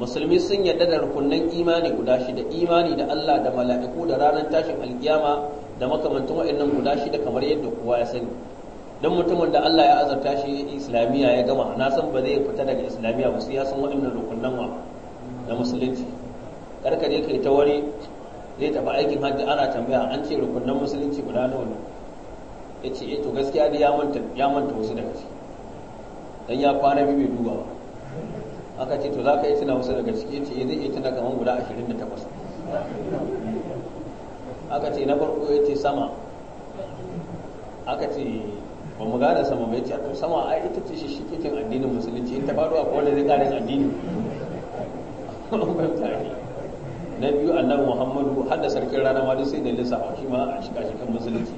musulmi sun yarda da rukunnan imani guda shida imani da Allah da mala'iku da ranar tashin alkiyama da makamantan wa'annan guda shida kamar yadda kowa ya sani don mutumin da Allah ya azarta shi islamiyya ya gama na san ba zai fita daga islamiyya ba sai ya san waɗannan rukunan wa na musulunci karka je kai ta wani zai tafi aikin hajji ana tambaya an ce rukunan musulunci guda nawa ne ya ce eh, to gaskiya da ya manta ya manta wasu daga ciki dan ya kwana biyu bai duba aka ce to za ka yi tuna wasu daga ciki ya ce eh, zai iya tuna kamar guda ashirin da takwas aka ce na farko ya ce sama aka ce ba mu gane sama mai ce to sama ai ita ce shi shikikin addinin musulunci in ta faru a kowane zai karin addini na biyu annabi muhammadu har da sarkin rana ma sai da lissafa shi ma a shiga kan musulunci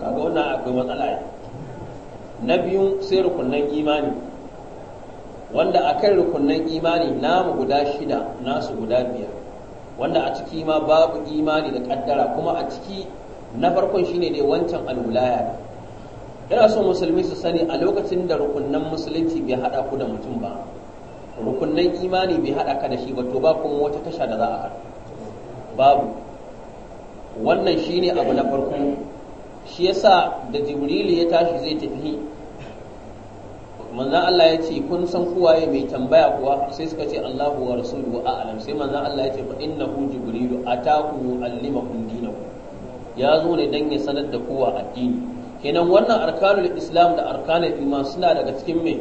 kaga wannan akwai matsala ne na biyu sai rukunnan imani wanda a kan rukunnan imani namu guda shida nasu guda biyar wanda a ciki ma babu imani da kaddara kuma a ciki na farkon shine ne wancan alwulaya Yana so musulmi su sani a lokacin da rukunnan musulunci bai hada ku da mutum ba rukunnan imani bai hada ka da shi ba to ba kuma wata tasha da za a haɗu babu wannan shine abu na farko shi yasa da jibrilu ya tashi zai tafi manzan Allah ya ce kun san kowaye mai tambaya kuwa sai suka ce Allahu wa rasuluhu a'lam sai manzan Allah ya ce fa innahu jibrilu ataku allimakum dinakum ya zo ne dan ya sanar da kowa addini kenan wannan arkanul islam da arkanul iman suna daga cikin mai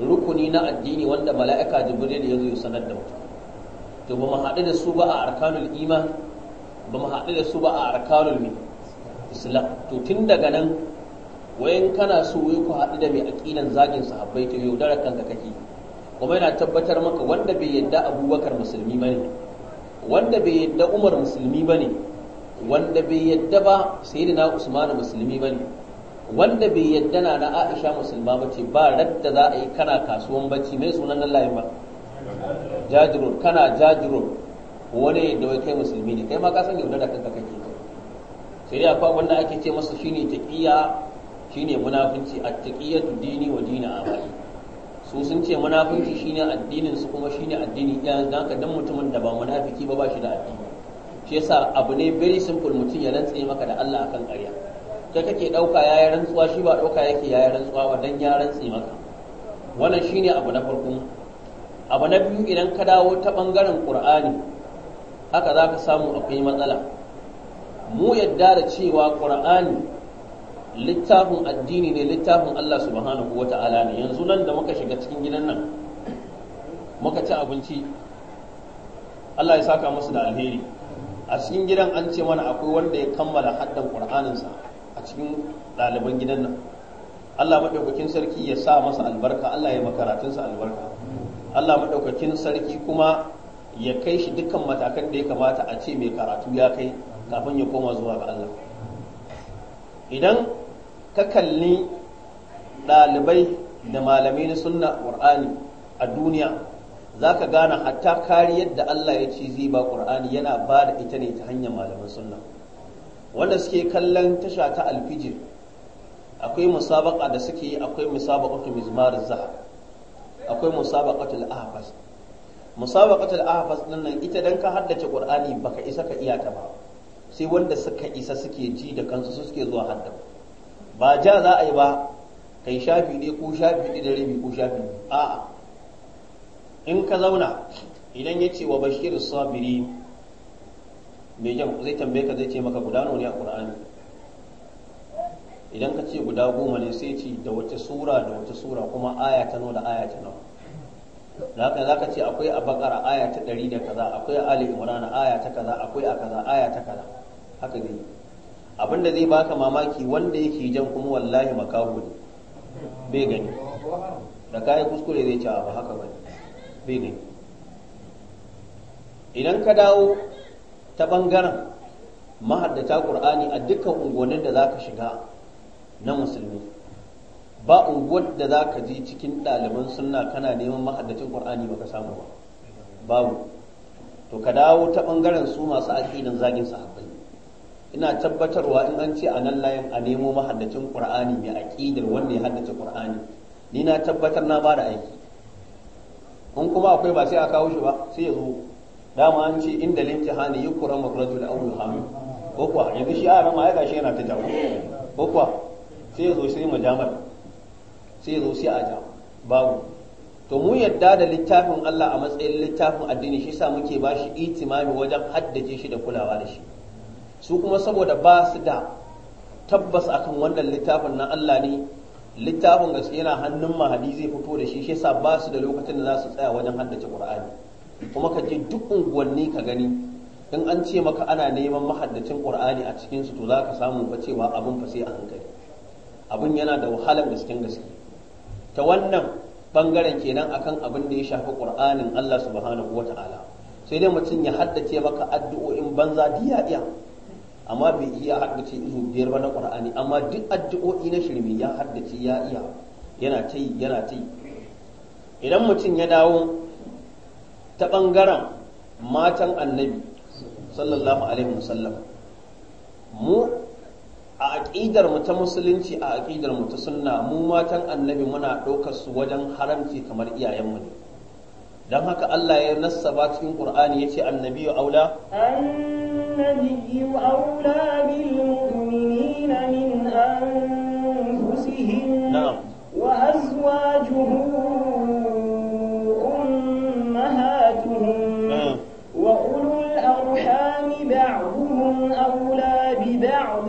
rukuni na addini wanda mala'ika jibril ya zo ya sanar da mutum to ba mu haɗu da su ba a arkanul iman ba mu haɗu da su ba a arkanul mai islam to tun daga nan wayan kana so wai ku haɗu da mai aqidan zagin sahabbai to yaudara kanka kake kuma yana tabbatar maka wanda bai yadda abubakar musulmi bane wanda bai yadda umar musulmi bane wanda bai yadda ba sayyidina usman musulmi bane wanda bai yadda na na Aisha musulma ba ce ba radda za a yi kana kasuwan bacci mai sunan nan layin ba jajiro kana jajiro wani da wai kai musulmi ne kai ma ka san da kanka kake sai dai akwai wanda ake ce masa shine taqiya shine munafunci at-taqiyatu dini wa dini amali su sun ce munafunci shine addinin su kuma shine addini ɗaya dan ka dan mutumin da ba munafiki ba ba shi da addini shi yasa abu ne very simple mutum ya rantsa maka da Allah akan ƙarya kai kake ɗauka ya yi rantsuwa shi ba ɗauka yake ya yi rantsuwa ba don ya rantsi maka wannan shine abu na farko abu na biyu idan ka dawo ta ɓangaren ƙur'ani haka za ka samu akwai matsala mu yadda da cewa ƙur'ani littafin addini ne littafin Allah subhanahu wa ta'ala ne yanzu nan da muka shiga cikin gidan nan muka ci abinci Allah ya saka musu da alheri a cikin gidan an ce mana akwai wanda ya kammala haddan ƙur'aninsa cikin ɗaliban gidan nan Allah maɗaukakin sarki ya sa masa albarka Allah ya makaratunsa albarka Allah maɗaukakin sarki kuma ya kai shi dukkan matakan da ya kamata a ce mai karatu ya kai kafin ya koma zuwa ga Allah idan ka kalli ɗalibai da malamai na sunna ƙur'ani a duniya za ka gane hatta kariyar da Allah ya ci zai ba ƙur'ani yana ba da ita ne ta hanyar malaman sunna wanda suke kallon tasha ta alfijir akwai musabaka da suke yi akwai musabaqatu mizmar zahab akwai musabaqatul ahfaz musabaqatul ahfaz din nan ita dan ka haddace qur'ani baka isa ka iya ta ba sai wanda suka isa suke ji da kansu su suke zuwa hadda ba ja za a yi ba kai shafi ne ko shafi ne da rabi ko shafi a'a in ka zauna idan ya ce wa bashir sabiri mai jan zai tambaye ka zai ce maka guda nawa ne a qur'ani idan ka ce guda goma ne sai ce da wata sura da wata sura kuma aya ta nawa da aya ta nawa da haka zaka ce akwai a bakara aya ta ɗari da kaza akwai a ali imran aya ta kaza akwai a kaza aya ta kaza haka dai Abinda zai baka mamaki wanda yake jan kuma wallahi makahu ne bai gani da kayan kuskure zai ci ba haka bane bai gani idan ka dawo ta bangaren mahaddata ƙur'ani a dukkan unguwannin da zaka shiga na musulmi ba unguwar da zaka ji cikin ɗaliban sunna kana neman mahaddacin ba baka samu ba babu to ka dawo ta bangaren su masu aƙinin zagin sahabbai ina tabbatarwa in an ce a nan layin a nemo mahaddacin ƙur'ani mai aƙidar wanda ya haddace ƙur'ani ni na tabbatar na ba da aiki in kuma akwai ba sai a kawo shi ba sai ya zo dama an ce inda limtihani yukramu ar da aw yuhamu ko kuwa yanzu shi a rama ya gashi yana ta jawo ko kuwa sai ya zo sai majamar sai ya zo sai a jawo babu to mu yadda da littafin Allah a matsayin littafin addini shi sa muke ba shi itimami wajen haddace shi da kulawa da shi su kuma saboda ba su da tabbas akan wannan littafin na Allah ne littafin gaske yana hannun mahadi zai fito da shi shi sa ba su da lokacin da za su tsaya wajen haddace Qur'ani kuma ka je duk unguwanni ka gani in an ce maka ana neman mahaddacin qur'ani a cikin su to za ka samu ba cewa abin fa sai a hankali abin yana da wahalar gaskin gaske ta wannan bangaren kenan akan abin da ya shafi qur'anin Allah subhanahu wata'ala sai dai mutum ya haddace maka addu'o'in banza diya amma bai iya haddace izu biyar ba na qur'ani amma duk addu'o'i na shirme ya haddace ya iya yana ta ta yi idan mutum ya dawo ta ɓangaren matan annabi sallallahu alaihi wasallam mu a aƙidar mu ta musulunci a aƙidar mu ta sunna mu matan annabi muna ɗaukar su wajen haramci kamar iyayenmu ne don haka Allah ya nassaba cikin Qur'ani yace annabi ya aula
annabi ya aula bil mu'minina min anfusihim na'am wa azwajuhum بعض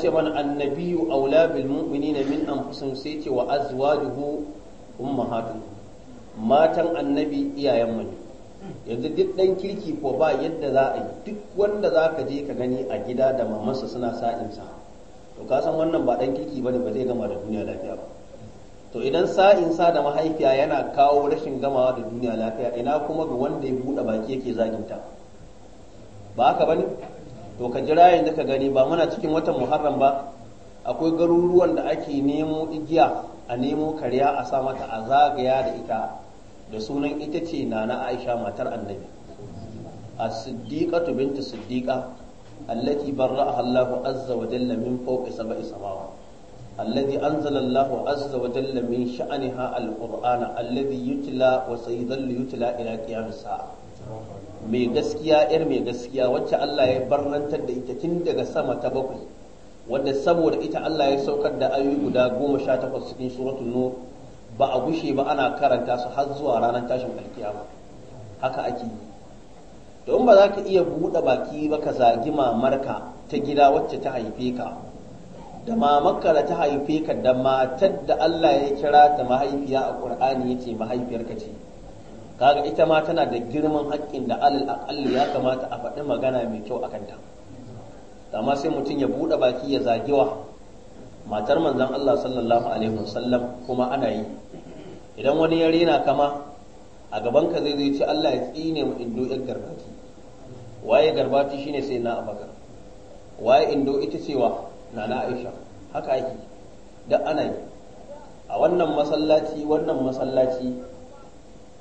ce mana annabiyu aula bil mu'minina min sai ce wa azwajuhu matan annabi iyayen mu yanzu duk dan kirki ko ba yadda za a yi duk wanda za ka je ka gani a gida da mamansa suna sa'in sa to ka wannan ba dan kirki bane ba zai gama da duniya lafiya ba to idan sa'in sa da mahaifiya yana kawo rashin gamawa da duniya lafiya ina kuma ga wanda ya buɗe baki yake zaginta ba haka bane to ka jira yanzu ka gani ba muna cikin watan muharram ba akwai garuruwan da ake nemo igiya a nemo karya a sa mata a zagaya da ita da sunan ita ce nana aisha matar annabi siddiƙatu siddiqatu bintu siddiqa allati barra'aha Allahu azza wa jalla min fawqi sab'i samawati الذي azza wa عز وجل من شأنها القرآن الذي wa وسيظل يتلى إلى قيام sa'a. mai gaskiya yar mai gaskiya wacce Allah ya barnantar da ita tun daga sama ta bakwai wanda saboda ita Allah ya saukar da ayoyi guda goma sha takwas cikin suratun nur ba a gushe ba ana karanta su har zuwa ranar tashin alkiyama haka ake yi don ba za ka iya buɗe baki ba ka zagi mamarka ta gida wacce ta haife ka da mamarka da ta haife ka da matar da Allah ya kira ta mahaifiya a Qur'ani yace mahaifiyarka ce kaga ita ma tana da girman haƙƙin da alal aƙalli ya kamata a faɗi magana mai kyau a kanta amma sai mutum ya buɗe baki ya wa. matar manzon Allah sallallahu alaihi wasallam kuma ana yi idan wani ya rena kama a gaban ka zai zai ce Allah ya tsine mu indo yar garbati waye garbati shine sai na abakar waye indo ita cewa na na Aisha haka yake da ana yi a wannan masallaci wannan masallaci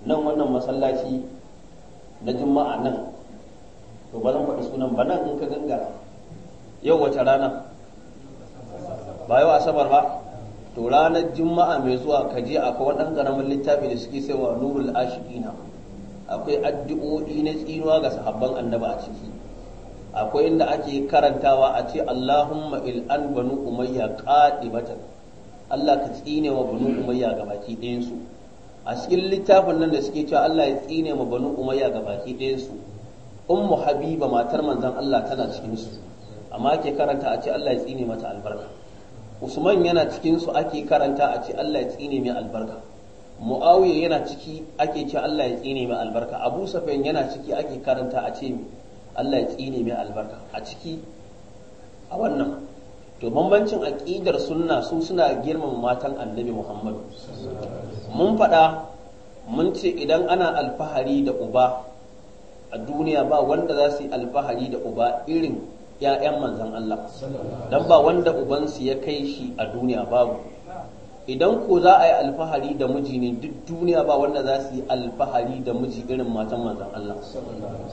nan wannan masallaci na juma'a nan to ba zan faɗi sunan ba nan in ka gangara yau wace rana ba yau asabar ba to ranar juma'a mai zuwa ka je akwai ɗan ƙaramin littafi da suke sai wa nurul ashiqina akwai addu'o'i na tsinuwa ga sahabban annaba a ciki akwai inda ake karantawa a ce Allahumma il'an banu umayya qadibatan Allah ka tsine wa banu umayya gabaki ɗayansu. su a cikin littafin nan da suke cewa Allah ya tsine ma banu umayya ga baki ɗayan su ummu habiba matar manzon Allah tana cikin su amma ake karanta a ce Allah ya tsine mata albarka usman yana cikin su ake karanta a ce Allah ya tsine mai albarka muawiya yana ciki ake ce Allah ya tsine mai albarka abu yana ciki ake karanta a ce Allah ya tsine mai albarka a ciki a wannan to bambancin aƙidar sunna su suna girmama matan annabi muhammadu mun faɗa mun ce idan ana alfahari da uba a duniya ba wanda za su yi alfahari da uba irin 'ya'yan manzan Allah don ba wanda ubansu ya kai shi a duniya babu idan ko za a yi alfahari da miji ne duk duniya ba wanda za su yi alfahari da miji irin matan manzan Allah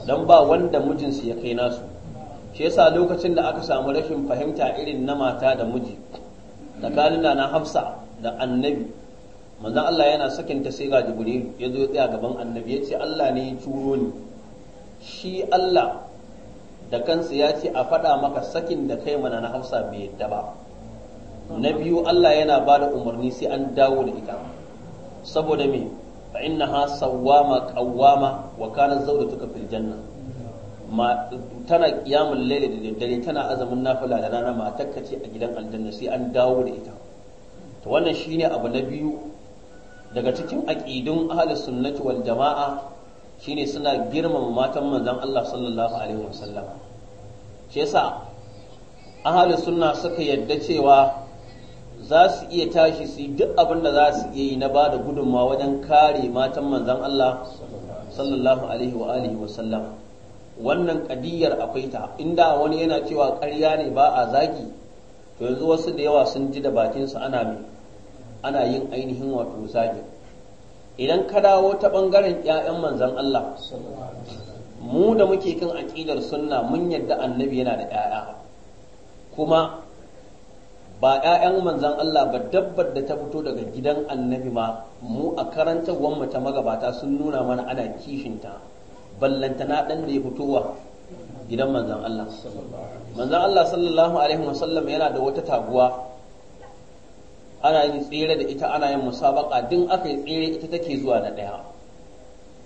don ba wanda mijinsu ya kai nasu shi yasa lokacin da aka samu rashin fahimta irin na mata da miji tsakanin na hafsa da annabi manzon Allah yana sakin ta sai ga Jibril ya zo tsaya gaban annabi ya ce Allah ne ya turo ni shi Allah da kansa ya ce a faɗa maka sakin da kai mana na Hausa bai yadda ba na biyu Allah yana ba da umarni sai an dawo da ita saboda me fa innaha sawwama qawwama wa da zawjatuka fil janna ma tana qiyamul layli da daddare tana azumin nafila da rana ma ce a gidan aljanna sai an dawo da ita to wannan shine abu na biyu daga cikin aƙidun ahlus sunnati wal jama'a shine suna girmama matan manzon Allah sallallahu alaihi wasallam shi yasa ahlus sunna suka yadda cewa za su iya tashi su duk abin da za su iya yi na ba da gudunma wajen kare matan manzon Allah sallallahu alaihi wa alihi wasallam wannan kadiyar akwai ta inda wani yana cewa ƙarya ne ba a zagi to yanzu wasu da yawa sun ji da bakinsu ana mai ana yin ainihin wato zagi idan ka dawo ta ɓangaren 'ya'yan manzan Allah mu da muke kan aƙidar sunna mun yadda annabi yana da 'ya'ya kuma ba 'ya'yan manzan Allah ba dabbar da ta fito daga gidan annabi ma mu a karantar mu ta magabata sun nuna mana ana kishinta ballantana ɗan da ya fitowa gidan manzan Allah manzan Allah sallallahu alaihi wasallam yana da wata taguwa ana yin tsere da ita ana yin musabaka din aka yi tsere ita take zuwa na ɗaya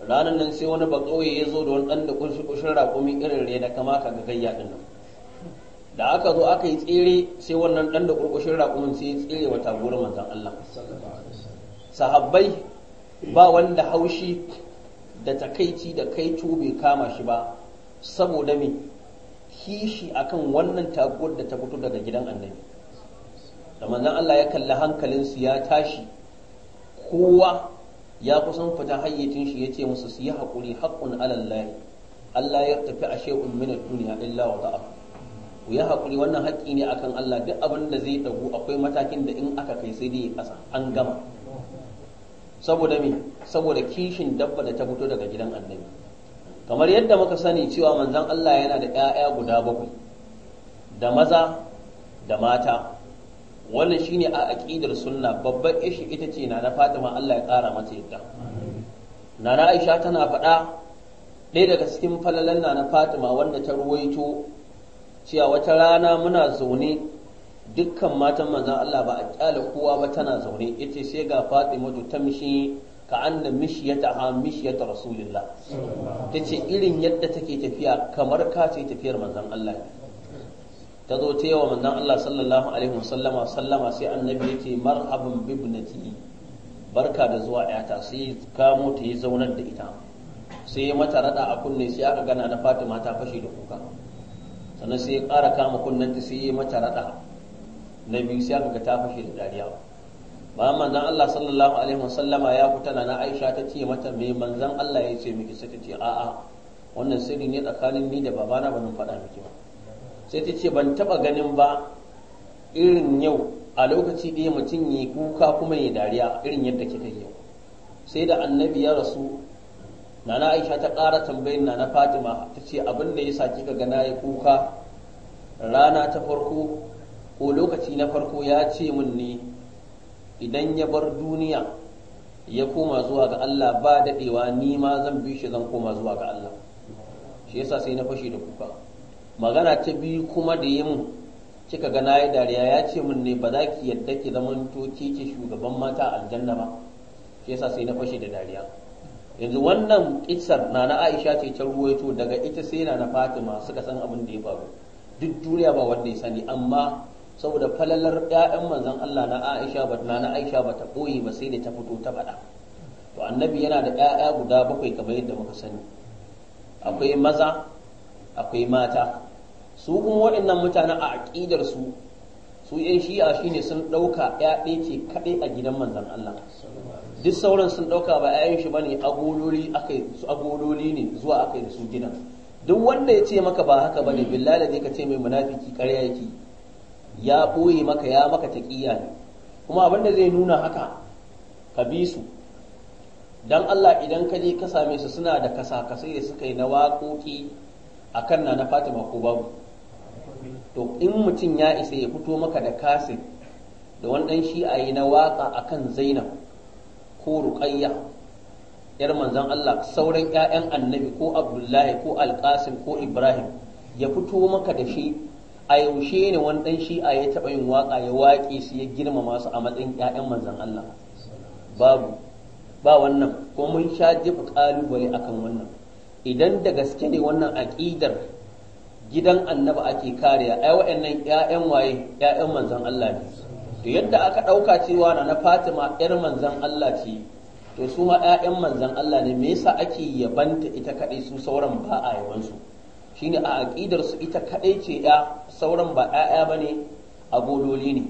ranar nan sai wani bakauye ya zo da wani ɗan da kunshi kushin raƙumi irin rena kama ka ga gayya ɗin nan da aka zo aka yi tsere sai wannan ɗan da kurkushin raƙumin sai ya tsere wa taguwar manzan Allah sahabbai ba wanda haushi da takaici da kai to bai kama shi ba saboda me kishi akan wannan taguwar da ta fito daga gidan annabi da manzon Allah ya kalli hankalinsu ya tashi kowa ya kusan fita hayyacin shi ya ce musu su yi haƙuri haƙƙun alallahi Allah ya tafi a shekun min duniya illa wa ta'ala ku yi haƙuri wannan haƙƙi ne akan Allah duk abin da zai ɗagu akwai matakin da in aka kai sai dai ƙasa an gama saboda me saboda kishin dabba da ta fito daga gidan annabi kamar yadda muka sani cewa manzan Allah yana da 'ya'ya guda bakwai da maza da mata wannan shine a aqidar sunna babban ishi ita ce na na Fatima Allah ya kara mata yadda Nana Aisha tana faɗa ɗaya daga cikin falalan na na Fatima wanda ta ruwaito cewa wata rana muna zaune dukkan matan manzon Allah ba a kyale kowa ba tana zaune yace sai ga Fatima ta mishi ka anna mishiyata ha mishiyata rasulillah tace irin yadda take tafiya kamar ka ce tafiyar manzon Allah ne ta zo ta yawa manzon Allah sallallahu alaihi wasallama sallama sai annabi yake marhaban bibnati barka da zuwa yata sai kamo ta yi zaunar da ita sai ya mata rada a kunne sai aka gana na Fatima ta fashe da kuka sannan sai ya ƙara kama ta, sai ya mata rada na biyu sai aka ga ta fashe da dariya bayan manzon Allah sallallahu alaihi wasallama ya fita na Aisha ta ce mata me manzon Allah ya ce miki sai ta ce a'a wannan sirri ne tsakanin ni da babana ba mun faɗa miki ba sai ta ce ban taba ganin ba irin yau a lokaci ɗaya mutum yi kuka kuma ya dariya irin yadda kika yau sai da annabi ya rasu na aisha ta ƙara tambayin na, na fatima ta ce abin da ya sa kika gana ya kuka rana ta farko ko lokaci na farko ya ce min ne idan ya bar duniya ya koma zuwa ga Allah ba daɗewa ni ma zan bi shi zan koma zuwa ga Allah shi yasa sai na fashe da kuka magana ta biyu kuma da yin kika ga yi dariya ya ce min ne ba za ki yadda ki zaman toki ki shugaban mata aljanna ba shi yasa sai na fashe da dariya yanzu wannan kitsar na na Aisha ce ta ruwaito daga ita sai na na Fatima suka san abin da ya faru duk duniya ba wanda ya sani amma saboda falalar 'ya'yan manzan Allah na Aisha ba na na Aisha ba ta koyi ba sai da ta fito ta faɗa to annabi yana da 'ya'ya guda bakwai kamar yadda muka sani akwai maza akwai mata su kuma waɗannan mutanen a aƙidar su su yan shi'a shine sun ɗauka ya ce kaɗai a gidan manzan Allah duk sauran sun ɗauka ba ‘ya'yan shi ba ne agololi ne zuwa aka yi da su gidan duk wanda ya ce maka ba haka ba ne billahi da ka ce mai munafiki ƙarya yake ya ɓoye maka ya maka taƙiyya ne kuma abin da zai nuna haka ka bi su dan Allah idan ka je ka same su suna da kasa-kasai da suka yi na waƙoƙi akan na na Fatima ko babu to in mutum ya isa ya fito maka da kasin da wani shi a yi na waka akan zainab ko ruƙayya yar manzan Allah sauran 'ya'yan annabi ko abdullahi ko alƙasim ko ibrahim ya fito maka da shi a yaushe ne wani shi shi'a ya taba yin waka ya waƙe su ya girmama su a matsayin 'ya'yan manzon Allah babu ba wannan ko mun sha jifa ƙalubale akan wannan idan da gaske ne wannan aƙidar gidan annaba ake kariya ai waɗannan ƴaƴan waye ƴaƴan manzon Allah ne to yadda aka ɗauka cewa na na Fatima ƴar manzon Allah ce to su ma ƴaƴan manzon Allah ne me yasa ake yabanta ita kaɗai su sauran ba a yawan su shine a aqidar su ita kaɗai ce ya sauran ba ƴaƴa bane agololi ne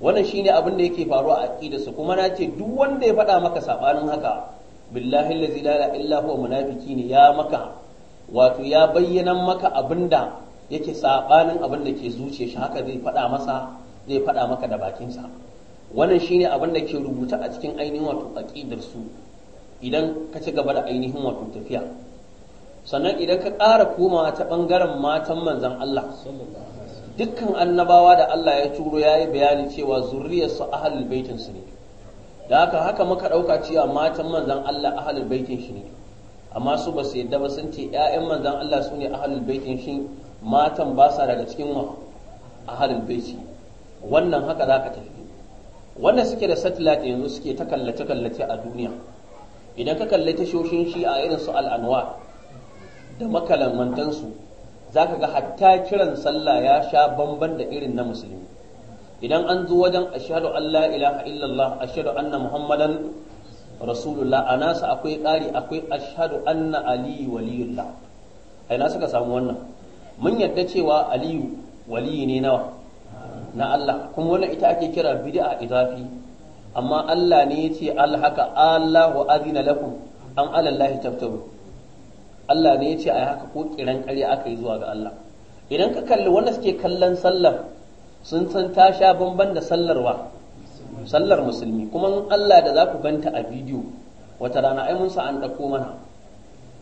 wannan shine abin da yake faruwa a aqidar su kuma nace duk wanda ya faɗa maka sabanin haka billahi allazi la ilaha illa huwa munafiki ne ya maka wato ya bayyana maka abinda yake sabanin abin da ke zuce shi haka zai faɗa masa zai faɗa maka da bakinsa wannan shine abin da ke rubuta a cikin ainihin wato aqidar su idan ka ci gaba da ainihin wato tafiya sannan idan ka ƙara komawa ta bangaren matan manzan Allah dukkan annabawa da Allah ya turo ya yi bayani cewa su ahalul baitin su ne da haka haka muka ɗauka cewa matan manzan Allah ahalul baitin shi ne amma su ba su yadda ba sun ce ƴaƴan manzan Allah su ne ahlul baitin shi matan ba sa daga cikin wa ahlul baiti wannan haka za ka tafi wanda suke da satellite yanzu suke ta kallace kallace a duniya idan ka kalli tashoshin shi a irin su al'anwa da makalamantansu za ka ga hatta kiran sallah ya sha bamban da irin na musulmi idan an zo wajen ashadu an ilaha illallah ashadu anna muhammadan rasulullah a nasa akwai ƙari akwai ashadu anna aliyu waliyullah ai na suka samu wannan mun yadda cewa aliyu waliyi ne nawa na Allah kuma wannan ita ake kira bid'a idafi amma Allah ne ya ce alhaka Allahu azina lakum an alallahi tabtabu Allah ne ya ce ai haka ko kiran ƙarya aka yi zuwa ga Allah idan ka kalli wanda suke kallon sallar sun san ta sha bamban da sallarwa sallar musulmi kuma in Allah da za ku banta a bidiyo wata rana ai mun sa an ɗauko mana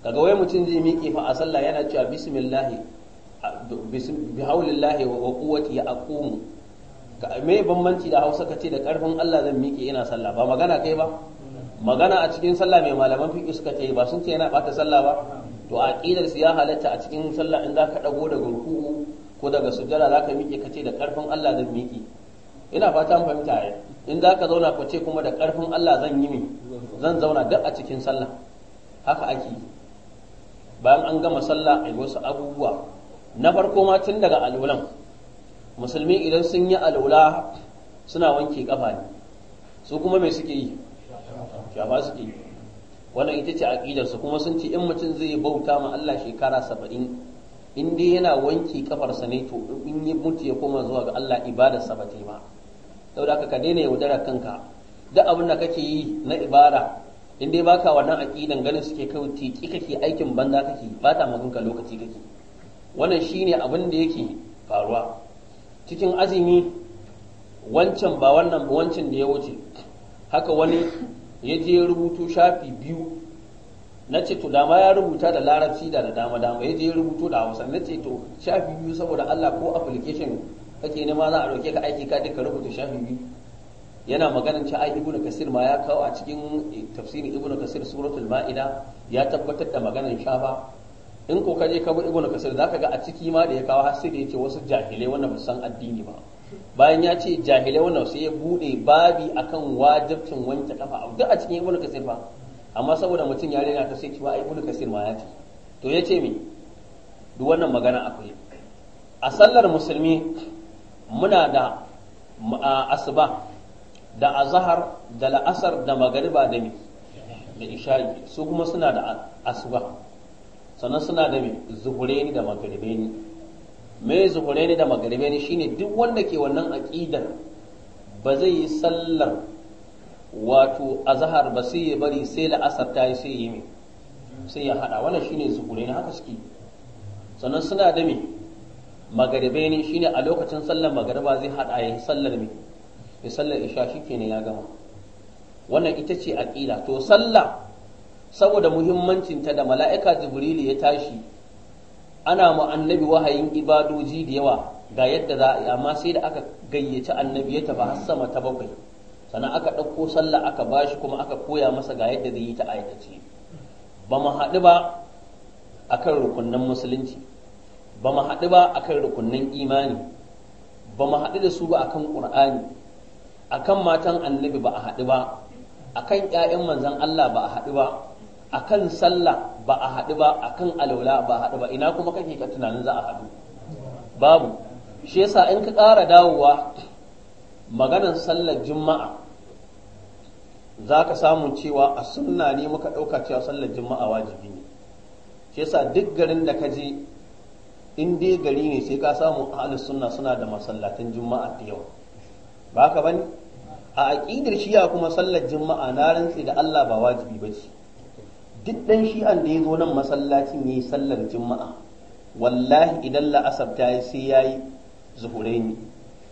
kaga wai mutum zai miƙe fa a sallah yana cewa bismillahi bi haulillahi wa quwwati ya aqumu me bambanci da Hausa kace da karfin Allah zan miƙe ina sallah ba magana kai ba magana a cikin sallah mai malaman fiqh suka ce ba sun ce yana bata sallah ba to aqidar su ya halatta a cikin sallah in zaka dago daga ruku'u ko daga sujjada zaka miƙe kace da karfin Allah zan miƙe ina fata mu fahimta ai in za ka zauna ku ce kuma da karfin Allah zan yi min zan zauna duk a cikin sallah haka ake bayan an gama sallah a wasu abubuwa na farko ma tun daga alulan musulmi idan sun yi alula suna wanke kafa ne su kuma me suke yi shafa suke yi wannan ita ce su kuma sun ce in mutum zai bauta ma Allah shekara saba'in in dai yana wanke kafarsa ne to in yi mutu ya koma zuwa ga Allah ibadar ba saboda ka, ka daina yaudara kanka duk abin da kake yi na ibada in dai baka wannan aqidan ganin suke kawai tiki kake aikin banza kake ba ta maganka lokaci kake wannan shine abin da yake faruwa cikin azumi wancan ba wannan ba wancan da ya wuce haka wani ya je rubutu shafi biyu na ce to dama ya rubuta da larabci da dama dama ya je rubutu da hausa na ce to shafi biyu saboda Allah ko application kake nema za a roke ka aiki ka duka rubuta shafin biyu yana maganin cewa ibnu kasir ma ya kawo a cikin tafsirin ibnu kasir suratul ma'ida ya tabbatar da sha shafa in ko ka je ka bi ibnu kasir zaka ga a ciki ma da ya kawo har sai da yace wasu jahilai wannan ba san addini ba bayan ya ce jahilai wannan sai ya bude babi akan wajibcin wanke kafa duk a cikin ibnu kasir ba amma saboda mutum ya rena ta sai cewa ibnu kasir ma ya ce to ya ce me duk wannan magana akwai a sallar musulmi muna da asuba da azahar da la'asar da magariba da mi da isha'i su kuma suna da asuba sannan suna da mi zuhureni da magaribeni me zuhureni da magaribeni shine duk wanda ke wannan aqidar ba zai yi sallar wato azahar ba sai ya bari sai la'asar ta yi sai yi mi sai ya hada wannan shine zuhureni haka suke sannan suna da mi magaribe ne shine a lokacin sallar magariba zai hada ya sallar mi ya sallar isha shikenan ya gama wannan ita ce aqila to sallah saboda muhimmancin ta da mala'ika jibrilu ya tashi ana mu annabi wahayin ibadoji da yawa ga yadda za a yi amma sai da aka gayyaci annabi ya tafi har sama ta bakwai sannan aka ɗauko sallah aka bashi kuma aka koya masa ga yadda zai yi ta aikace ba mu haɗu ba akan rukunnan musulunci ba mu haɗu ba akan rukunan imani ba mu haɗu da su ba akan ƙur'ani akan matan annabi ba a haɗu ba akan ƴaƴan manzan Allah ba a haɗu ba kan sallah ba a haɗu ba kan alaula ba a haɗu ba ina kuma kake ka tunanin za a haɗu babu shi yasa in ka ƙara dawowa maganar sallar juma'a za ka samu cewa a sunna ne muka ɗauka cewa sallar juma'a wajibi ne shi yasa duk garin da ka je in dai gari ne sai ka samu ahlus sunna suna da masallatan juma'a da yawa ba ka bane a aqidar shi'a kuma sallar juma'a na rantsi da Allah ba wajibi ba bace duk ɗan shi'an da ya zo nan masallacin yayi sallar juma'a wallahi idan la'asar ta yi sai yayi zuhuraini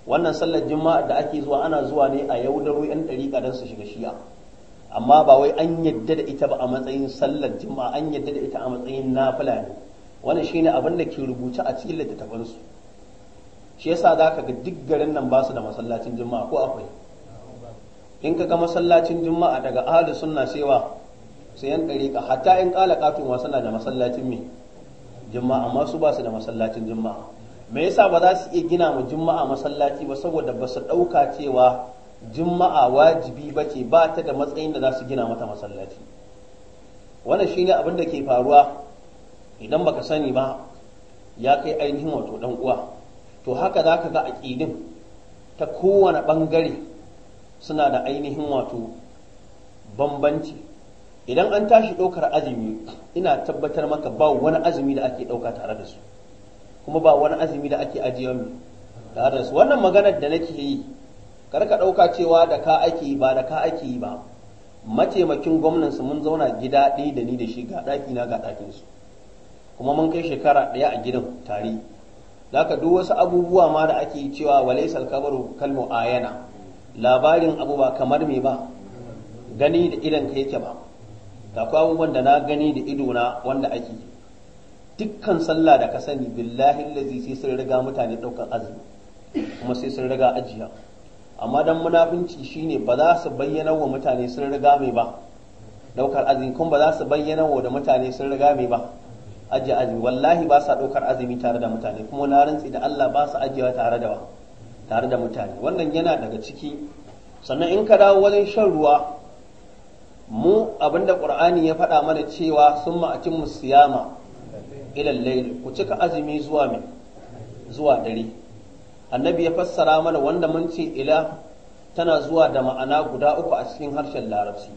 wannan sallar juma'a da ake zuwa ana zuwa ne a yau yaudaro yan dariƙa dan su shiga shi'a amma ba wai an yadda da ita ba a matsayin sallar juma'a an yadda da ita a matsayin nafila ne wannan shine abin da ke rubuce a cikin littattafan su shi yasa ka ga duk garin nan ba su da masallacin juma'a ko akwai in ka ga masallacin juma'a daga ahlus sunna cewa sai yan ka hatta in kala katu ma suna da masallacin me juma'a amma su ba su da masallacin juma'a me yasa ba za su iya gina mu juma'a masallaci ba saboda ba su ɗauka cewa juma'a wajibi ba ce ba ta da matsayin da za su gina mata masallaci wannan shine abin da ke faruwa idan baka sani ba ya kai ainihin wato dan uwa to haka za ka ga aƙidin ta kowane ɓangare suna da ainihin wato bambanci idan an tashi ɗaukar azumi ina tabbatar maka ba wani azumi da ake ɗauka tare da su kuma ba wani azumi da ake ajiyar mu tare da su wannan maganar da nake yi kar ka ɗauka cewa da ka ake yi ba da ka ake yi ba mataimakin gwamnan mun zauna gida ɗaya da ni da shi ga ɗakina ga ɗakinsu. kuma mun kai shekara ɗaya a gidan tare haka duk wasu abubuwa ma da ake cewa walaisal kabaru kalmu ayana labarin abu ba kamar mai ba gani da idan ka yake ba ta akwai abubuwan da na gani da idona wanda ake dukkan sallah da ka sani billahi lazi sai sun riga mutane ɗaukar azumi kuma sai sun riga ajiya amma dan munafunci shine ba za su bayyana wa mutane sun riga mai ba ɗaukar azumi kuma ba za su bayyana wa da mutane sun riga mai ba ajiye azumi wallahi ba sa ɗaukar azumi tare da mutane kuma na rantsi da Allah ba sa ajiyewa tare da tare da mutane wannan yana daga ciki sannan in ka dawo wajen shan ruwa mu abinda ƙur'ani ya faɗa mana cewa summa atimmu siyama ilal layl ku cika azumi zuwa mai zuwa dare annabi ya fassara mana wanda mun ce ila tana zuwa da ma'ana guda uku a cikin harshen larabci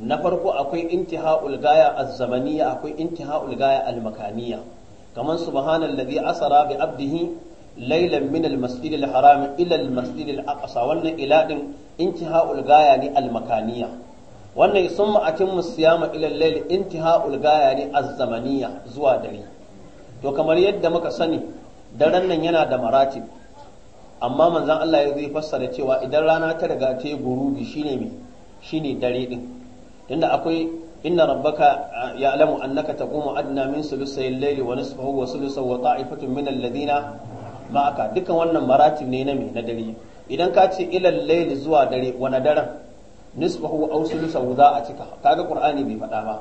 na farko akwai intiha'ul gaya az-zamaniyya akwai intiha'ul gaya al-makaniyya kaman subhanallazi asara bi abdihi laylan min al-masjid al-haram ila al-masjid al-aqsa wannan ila din intiha'ul gaya ne al-makaniyya wannan summa atimmu siyama ila al-layl intiha'ul gaya ne az-zamaniyya zuwa dare to kamar yadda muka sani daren nan yana da maratib amma manzon Allah ya zai fassara cewa idan rana ta riga ta yi gurubi shine me shine dare din tunda akwai inna rabbaka ya'lamu annaka taqumu adna min sulusay al-layli wa nisfahu wa sulusahu wa ta'ifatun min alladhina ma'aka dukan wannan maratib ne na me na dare idan ka ce ilal layli zuwa dare wani daren nisfahu aw sulusahu za a cika kaga qur'ani bai faɗa ba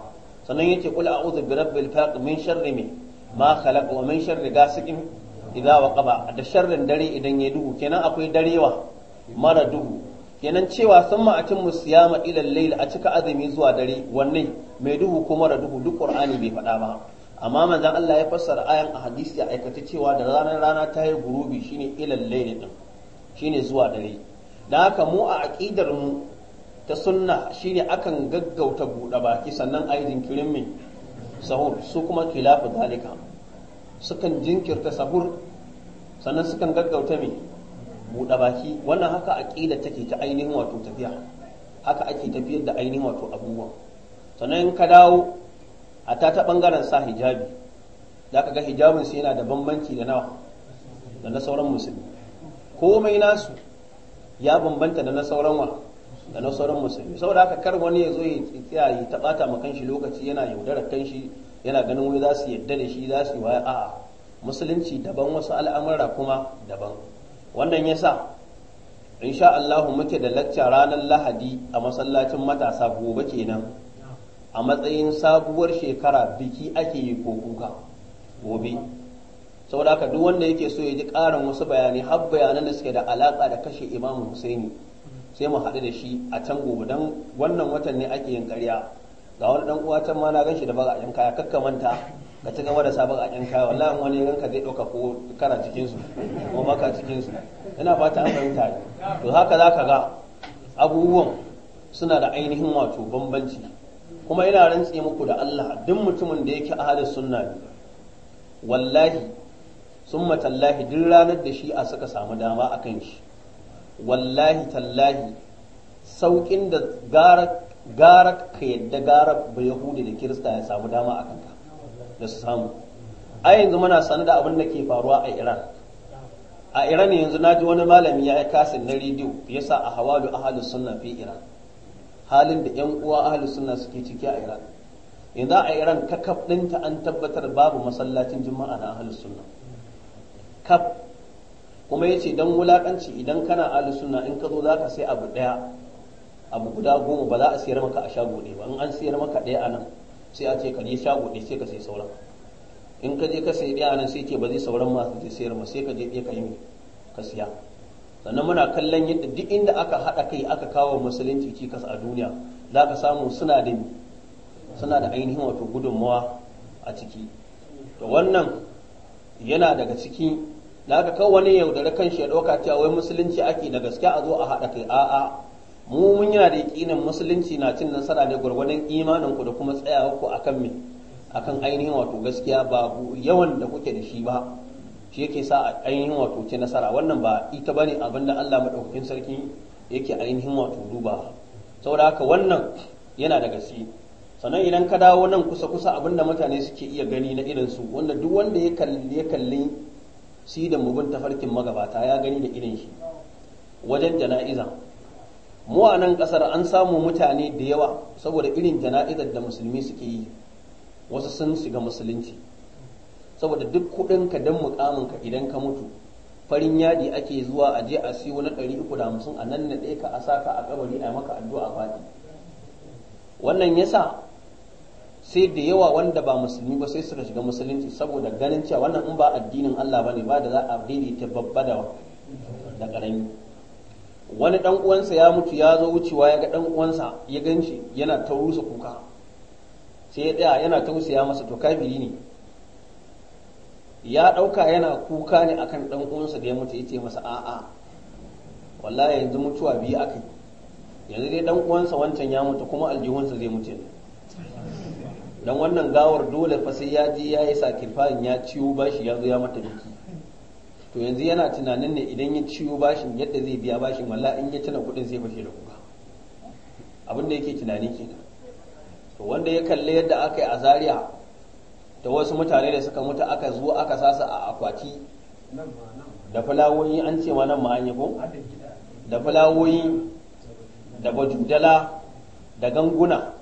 sannan yace qul a'udhu bi rabbil falaq min sharri ma khalaq wa min sharri ghasiqin idza waqaba da sharrin dare idan ya duhu kenan akwai darewa mara duhu kenan cewa sun ma'atin musiyama ilal layl a cika azumi zuwa dare wanne mai duhu kuma da duhu duk qur'ani bai faɗa ba amma manzon Allah ya fassara ayan a hadisi a aikata cewa da ranar rana ta yi gurubi shine ilal layl din shine zuwa dare dan haka mu a aqidar mu ta sunna shine akan gaggauta buɗe baki sannan ayi jinkirin mai sahur su kuma khilafu zalika sukan jinkirta sahur sannan sukan gaggauta mai buɗe baki wannan haka aƙida take ta ainihin wato tafiya haka ake tafiyar da ainihin wato abubuwa sannan ka dawo a ta ta ɓangaren sa hijabi da ka ga hijabin sai yana da bambanci da nawa da na sauran musulmi komai nasu ya bambanta da na sauran wa da na sauran musulmi saboda haka kar wani ya zo ya tsaya ya taɓata ma shi lokaci yana yaudarar kanshi yana ganin wai za su yadda da shi za su yi waya a'a musulunci daban wasu al'amura kuma daban wannan yasa insha Allah muke da lacca ranar Lahadi a masallacin matasa gobe kenan a matsayin sabuwar shekara biki ake yi ko kuka gobe saboda haka duk wanda yake so ya ji ƙarin wasu bayanai har bayanan da suke da alaƙa da kashe Imam Husaini sai mu haɗu da shi a can gobe don wannan watan ne ake yin ƙarya ga wani ɗan uwa can ma na gan shi da baga kaya manta. ka ci gaba da sabon a kawo wallahi wani ranka zai ɗauka ko kara cikin su ko maka cikin su ina fata an tare. to haka za ka ga abubuwan suna da ainihin wato bambanci kuma ina rantse muku da Allah duk mutumin da yake ahlus sunna ne wallahi summa tallahi duk ranar da shi a suka samu dama akan shi wallahi tallahi saukin da gara ka yadda gara ba yahudi da kirista ya samu dama akan da su samu a yanzu muna sanu da abin da ke faruwa a iran a iran yanzu na ji wani malami ya yi kasin na rediyo ya sa a hawalu ahalus sunna fi iran halin da yan uwa ahalus sunna suke ciki a iran yanzu a iran ta kaf ɗinta an tabbatar babu masallacin juma'a na ahalus sunna kaf kuma ya ce don wulaƙanci idan kana ahalus sunna in ka zo za ka sai abu ɗaya abu guda goma ba za a siyar maka a shago ɗaya ba in an siyar maka ɗaya a nan sai a ce ka je shago sai ka sai sauran in ka je ka sai ɗaya nan sai ce ba zai sauran masu zai sayar ma sai ka je ɗaya ka yi ka siya sannan muna kallon yadda duk inda aka haɗa kai aka kawo musulunci cikas a duniya za ka samu suna da ainihin wato gudunmawa a ciki to wannan yana daga ciki da aka kawo wani yaudare kan shi ya ɗauka cewa wai musulunci ake da gaske a zo a haɗa kai a'a mu mun yana da yakinin musulunci na cin nasara ne gwargwadon imanin ku da kuma tsayawa ku akan me akan ainihin wato gaskiya ba yawan da kuke da shi ba shi yake sa a ainihin wato ce nasara wannan ba ita bane abin da Allah madaukakin sarki yake ainihin wato duba saboda haka wannan yana da gaske sannan idan ka dawo nan kusa kusa abin da mutane suke iya gani na irin wanda duk wanda ya kalli ya kalli si da mugun tafarkin magabata ya gani da irin shi wajen jana'iza mu a nan kasar an samu mutane da yawa saboda irin jana'izar da musulmi suke yi wasu sun shiga musulunci saboda duk dan don ka idan ka mutu farin yadi ake zuwa a je a siyo na ɗari uku da hamsin a nan ɗaya ka a saka a kabari a maka addu'a faɗi wannan yasa sai da yawa wanda ba musulmi ba sai suka shiga musulunci saboda ganin cewa wannan in ba addinin Allah bane ba da za a daidaita babba da da ƙarami wani dan uwansa ya mutu ya zo wucewa ya ga dan uwansa ya ganshi yana ta rusa kuka sai ya tsaya yana tausaya masa to kafiri ne ya dauka yana kuka ne akan dan uwansa da ya mutu yace masa a'a wallahi yanzu mutuwa biyu akai yanzu dai dan uwansa wancan ya mutu kuma aljihunsa zai mutu dan wannan gawar dole fa sai ya ji ya yi ya ciwo bashi ya zo ya mata biki to yanzu yana tunanin ne idan ya ciwo bashin yadda zai biya bashin walla in ya tana kudin sai fashe da kuka abin da yake tunani kenan to wanda ya kalle yadda aka yi a zaria da wasu mutane da suka mutu aka zo aka sasa a akwati da fulawoyi an ce ma nan ma an ko da fulawoyi da bajudala da ganguna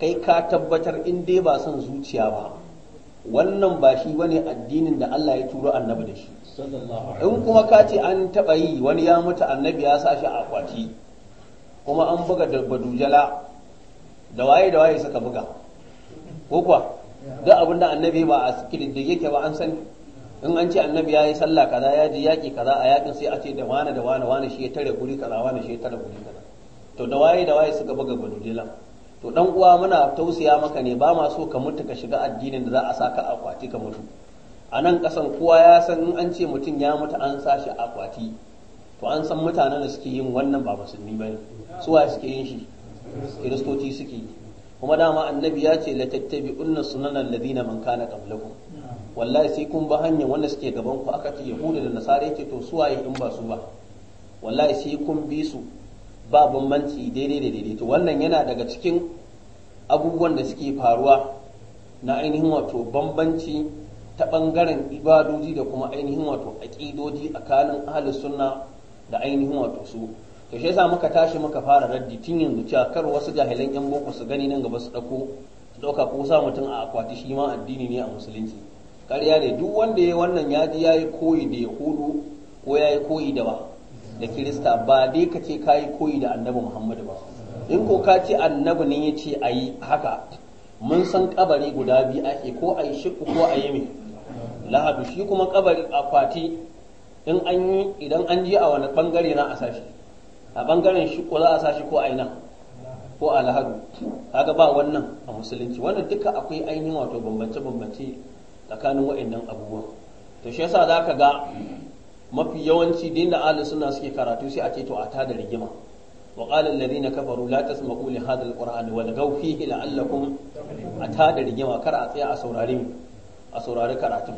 kai ka tabbatar in dai ba son zuciya ba wannan ba shi bane addinin da Allah ya turo annabi da shi
in
kuma ka ce an taɓa yi wani ya mutu annabi ya sa shi a akwati kuma an buga da badujala da waye da waye suka buga ko kuwa duk abin da annabi ba a da yake ba an sani in an ce annabi ya yi sallah kaza ya ji yaƙi kaza a yaƙin sai a ce da wane da wane wane shi ya tare guri kaza wane shi ya tare guri kaza to da waye da waye suka buga badujala to dan uwa muna tausaya maka ne ba ma so ka mutu ka shiga addinin da za a saka akwati ka mutu a nan ƙasan kowa ya san in an ce mutum ya mutu an sa shi akwati to an san mutanen da suke yin wannan ba musulmi ba ne suwa suke yin shi kiristoci suke yi kuma dama annabi ya ce la tattabi unna sunanan ladina man kana qablakum wallahi sai kun ba hanyar wanda suke gaban ku aka ce yahuda da nasara yake to waye in ba su ba wallahi sai kun bi su ba bambanci daidai da daidai to wannan yana daga cikin abubuwan da suke faruwa na ainihin wato bambanci ta ɓangaren ibadoji da kuma ainihin wato a a tsakanin ahli sunna da ainihin wato su to shi yasa muka tashi muka fara raddi tun yanzu cewa kar wasu jahilan yan boko su gani nan gaba su ɗauko su ɗauka ko sa mutum a akwati shi ma addini ne a musulunci ƙarya ne duk wanda ya wannan ya ji ya yi koyi da yahudu ko ya yi koyi da ba da kirista ba dai ka ce ka yi koyi da annabi muhammadu ba in ko ka ce annabi ne ya ce a yi haka mun san kabari guda biyu ake ko a yi shiku ko a yi mai lahadu shi kuma kabari akwati in an yi idan an ji a wani bangare na a sashi a bangaren shi ko za a sashi ko aina ko a lahadu kaga ba wannan a musulunci wanda duka akwai ainihin wato bambance bambance tsakanin waɗannan abubuwan to shi yasa zaka ga mafi yawanci din da ahli sunna suke karatu sai a ce to a tada rigima wa qala alladhina kafaru la tasma'u li hadha alqur'ani wa lagaw fihi la'allakum a tada rigima kar a tsaya a saurari a saurari karatun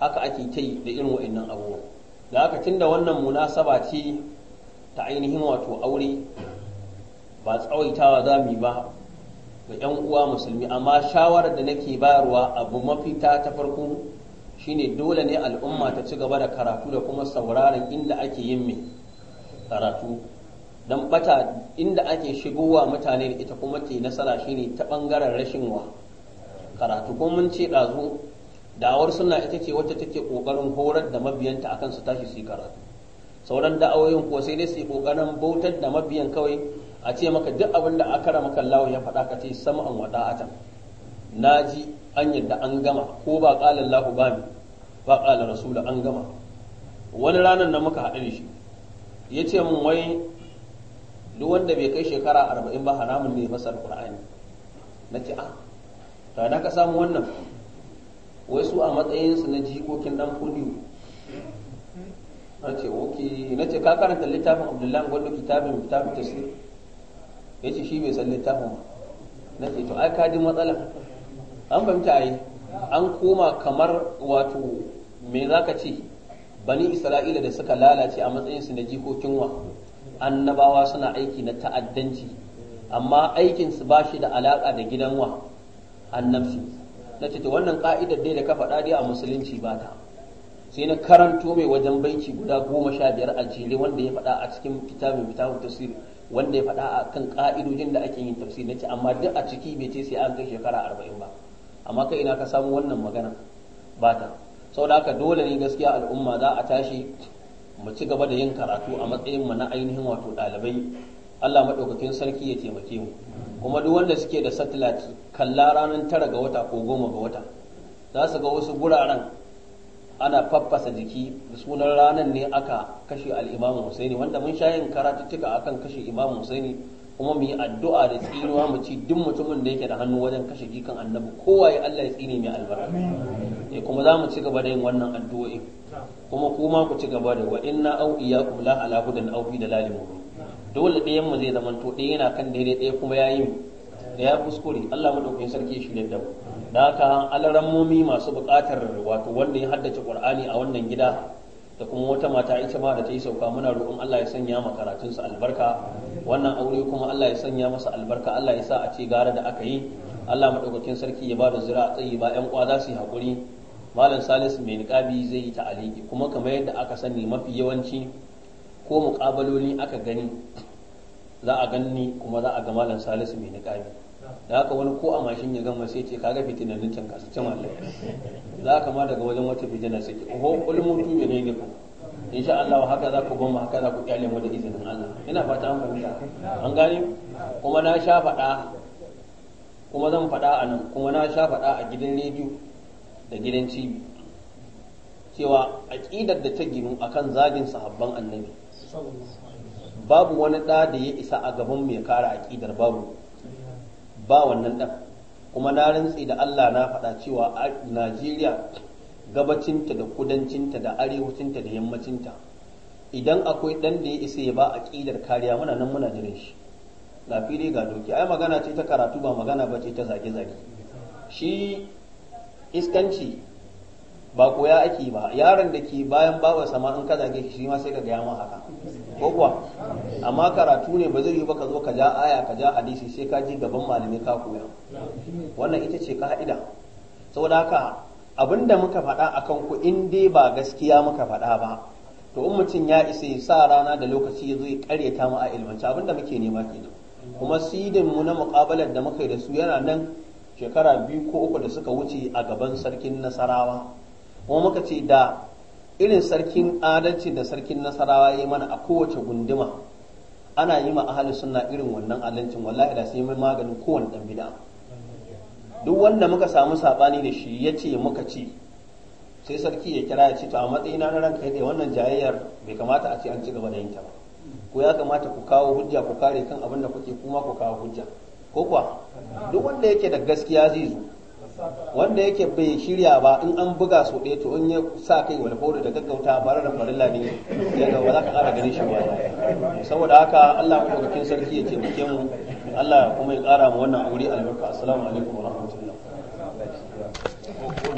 haka ake ta yi da irin wa'annan abubuwa da haka tun da wannan munasaba ce ta ainihin wato aure ba tsawaitawa za mu yi ba ga 'yan uwa musulmi amma shawarar da nake bayarwa abu mafita ta farko shine dole ne al'umma ta ci gaba da karatu da kuma sauraron inda ake yin mai karatu don bata inda ake shigowa mutane da ita kuma ta nasara shine ta bangaren rashin wa karatu ko mun ce ɗazu da'awar sunna ita ce wacce take kokarin horar da mabiyanta akan su tashi su karatu sauran da'awoyin kuwa sai dai su kokarin bautar da mabiyan kawai a ce maka duk abin da rama kan lawo ya faɗa ka ce sama an Na ji an yadda an gama ko ba ƙalin lahu ba mi ba qala rasul an gama wani ranar nan muka haɗu da shi ce min wai duk wanda bai kai shekara arba'in ba haramun ne masar qur'ani ce ah, a ta da ka samu wannan wai su a matsayinsu na jikokin dan kudi na ce oke na ce ka karanta littafin abdullahi gwallo kitabin littafin tasir ya ce shi bai san littafin ba na ce to ai kadin matsala an fahimta yi an koma kamar wato me za ka ce bani isra'ila da suka lalace a matsayinsu na jikokin wa annabawa suna aiki na ta'addanci amma aikinsu ba shi da alaƙa da gidan wa annabci na ce wannan ka'idar dai da ka faɗa dai a musulunci ba ta sai na karanto mai wajen banki guda goma sha biyar a jere wanda ya faɗa a cikin kitabin kitabun tafsir wanda ya faɗa a kan ka'idojin da ake yin tafsir na ce amma duk a ciki bai ce sai an kai shekara arba'in ba amma kai ina ka samu wannan magana ba ta saboda haka dole ne gaskiya al'umma za a tashi mu ci gaba da yin karatu a matsayin mu na ainihin wato ɗalibai Allah maɗaukakin sarki ya taimake mu kuma duk wanda suke da satellite kalla ranar tara ga wata ko goma ga wata za su ga wasu guraren ana faffasa jiki da sunan ranar ne aka kashe al'imamu husaini wanda mun sha yin karatuttuka akan kashe imamu husaini kuma mu yi addu'a da tsinuwa mu ci duk mutumin da yake da hannu wajen kashe jikan annabi kowa ya Allah ya tsine mai albarka eh, kuma za mu ci gaba da yin wannan addu'o'i kuma kuma ku ci gaba da wa na'aui ya kula la ala hudan au fi dalalin mubin dole ɗayan mu zai to ɗaya yana kan daidai ɗaya kuma ya yi da ya kuskure Allah madaukakin sarki shi da mu da haka alarammomi masu buƙatar wato wanda ya haddace Qur'ani a wannan gida da kuma wata mata ita ma da ta yi sauka muna roƙon Allah ya sanya ma su albarka wannan aure kuma Allah ya sanya masa albarka Allah ya sa a ce gara da aka yi Allah madaukakin sarki ya ba da zira tsayi ba ƴan kwa za su yi hakuri malam Salisu mai niƙabi zai yi ta'aliki kuma kamar yadda aka sani mafi yawanci ko muƙabaloli aka gani za a ganni kuma za a ga malam salisu mai niƙami da haka wani ko a mashin ya gama sai ce ka ga fitinannin can kasu can Allah za ka ma daga wajen wata fitina sai oho kullu mutu bi ne ku sha Allah haka za ku goma haka za ku kyale mu da izinin Allah ina fata an fahimta an gane kuma na sha faɗa kuma zan faɗa a nan kuma na sha faɗa a gidan rediyo da gidan cibi cewa aƙidar da ta ginu akan zagin sahabban annabi babu wani ɗa da ya isa a gaban mai kara aƙidar babu ba wannan ɗan kuma na rantse da Allah na faɗa cewa a Najeriya gabacinta da kudancinta da arewacinta da yammacinta idan akwai ɗan da ya isa ya ba aƙidar kariya muna nan muna jiran shi ga fili ga doki ai magana ce ta karatu ba magana ba ce ta zage-zage shi iskanci ba koya ake ba yaron da ke bayan bawa sama in ka zage shi ma sai ka gaya ma haka ko kuwa amma karatu ne ba zai yi ba ka zo ka ja aya ka ja hadisi sai ka ji gaban malami ka koya wannan ita ce ka'ida saboda haka abin da muka faɗa akan ku in dai ba gaskiya muka faɗa ba to in mutum ya isa ya sa rana da lokaci ya zo ya karyata mu a ilmanci abinda muke nema kenan kuma sidin mu na muƙabalar da muka yi da su yana nan shekara biyu ko uku da suka wuce a gaban sarkin nasarawa kuma muka ce da irin sarkin adalci da sarkin nasarawa ya yi mana a kowace gunduma ana yi ma ahalin sunna irin wannan adalcin wallahi da sai mai maganin kowane dan bid'a duk wanda muka samu sabani da shi ya ce muka ci sai sarki ya kira ya ce to a matsayina na ranka ya wannan jayayyar bai kamata a ce an ci gaba da yin ta ba ko ya kamata ku kawo hujja ku kare kan abin da kuke kuma ku kawo hujja ko kuwa duk wanda yake da gaskiya zai zo wanda yake bai shirya ba in an buga su ɗaya to in ya sa kai wani hori da gaggauta ba da farilla ne ya ga ba za ka ƙara ganin shi ba saboda haka Allah madaukakin sarki ya taimake mu Allah kuma ya ƙara mu wannan aure albarka assalamu alaikum wa rahmatullahi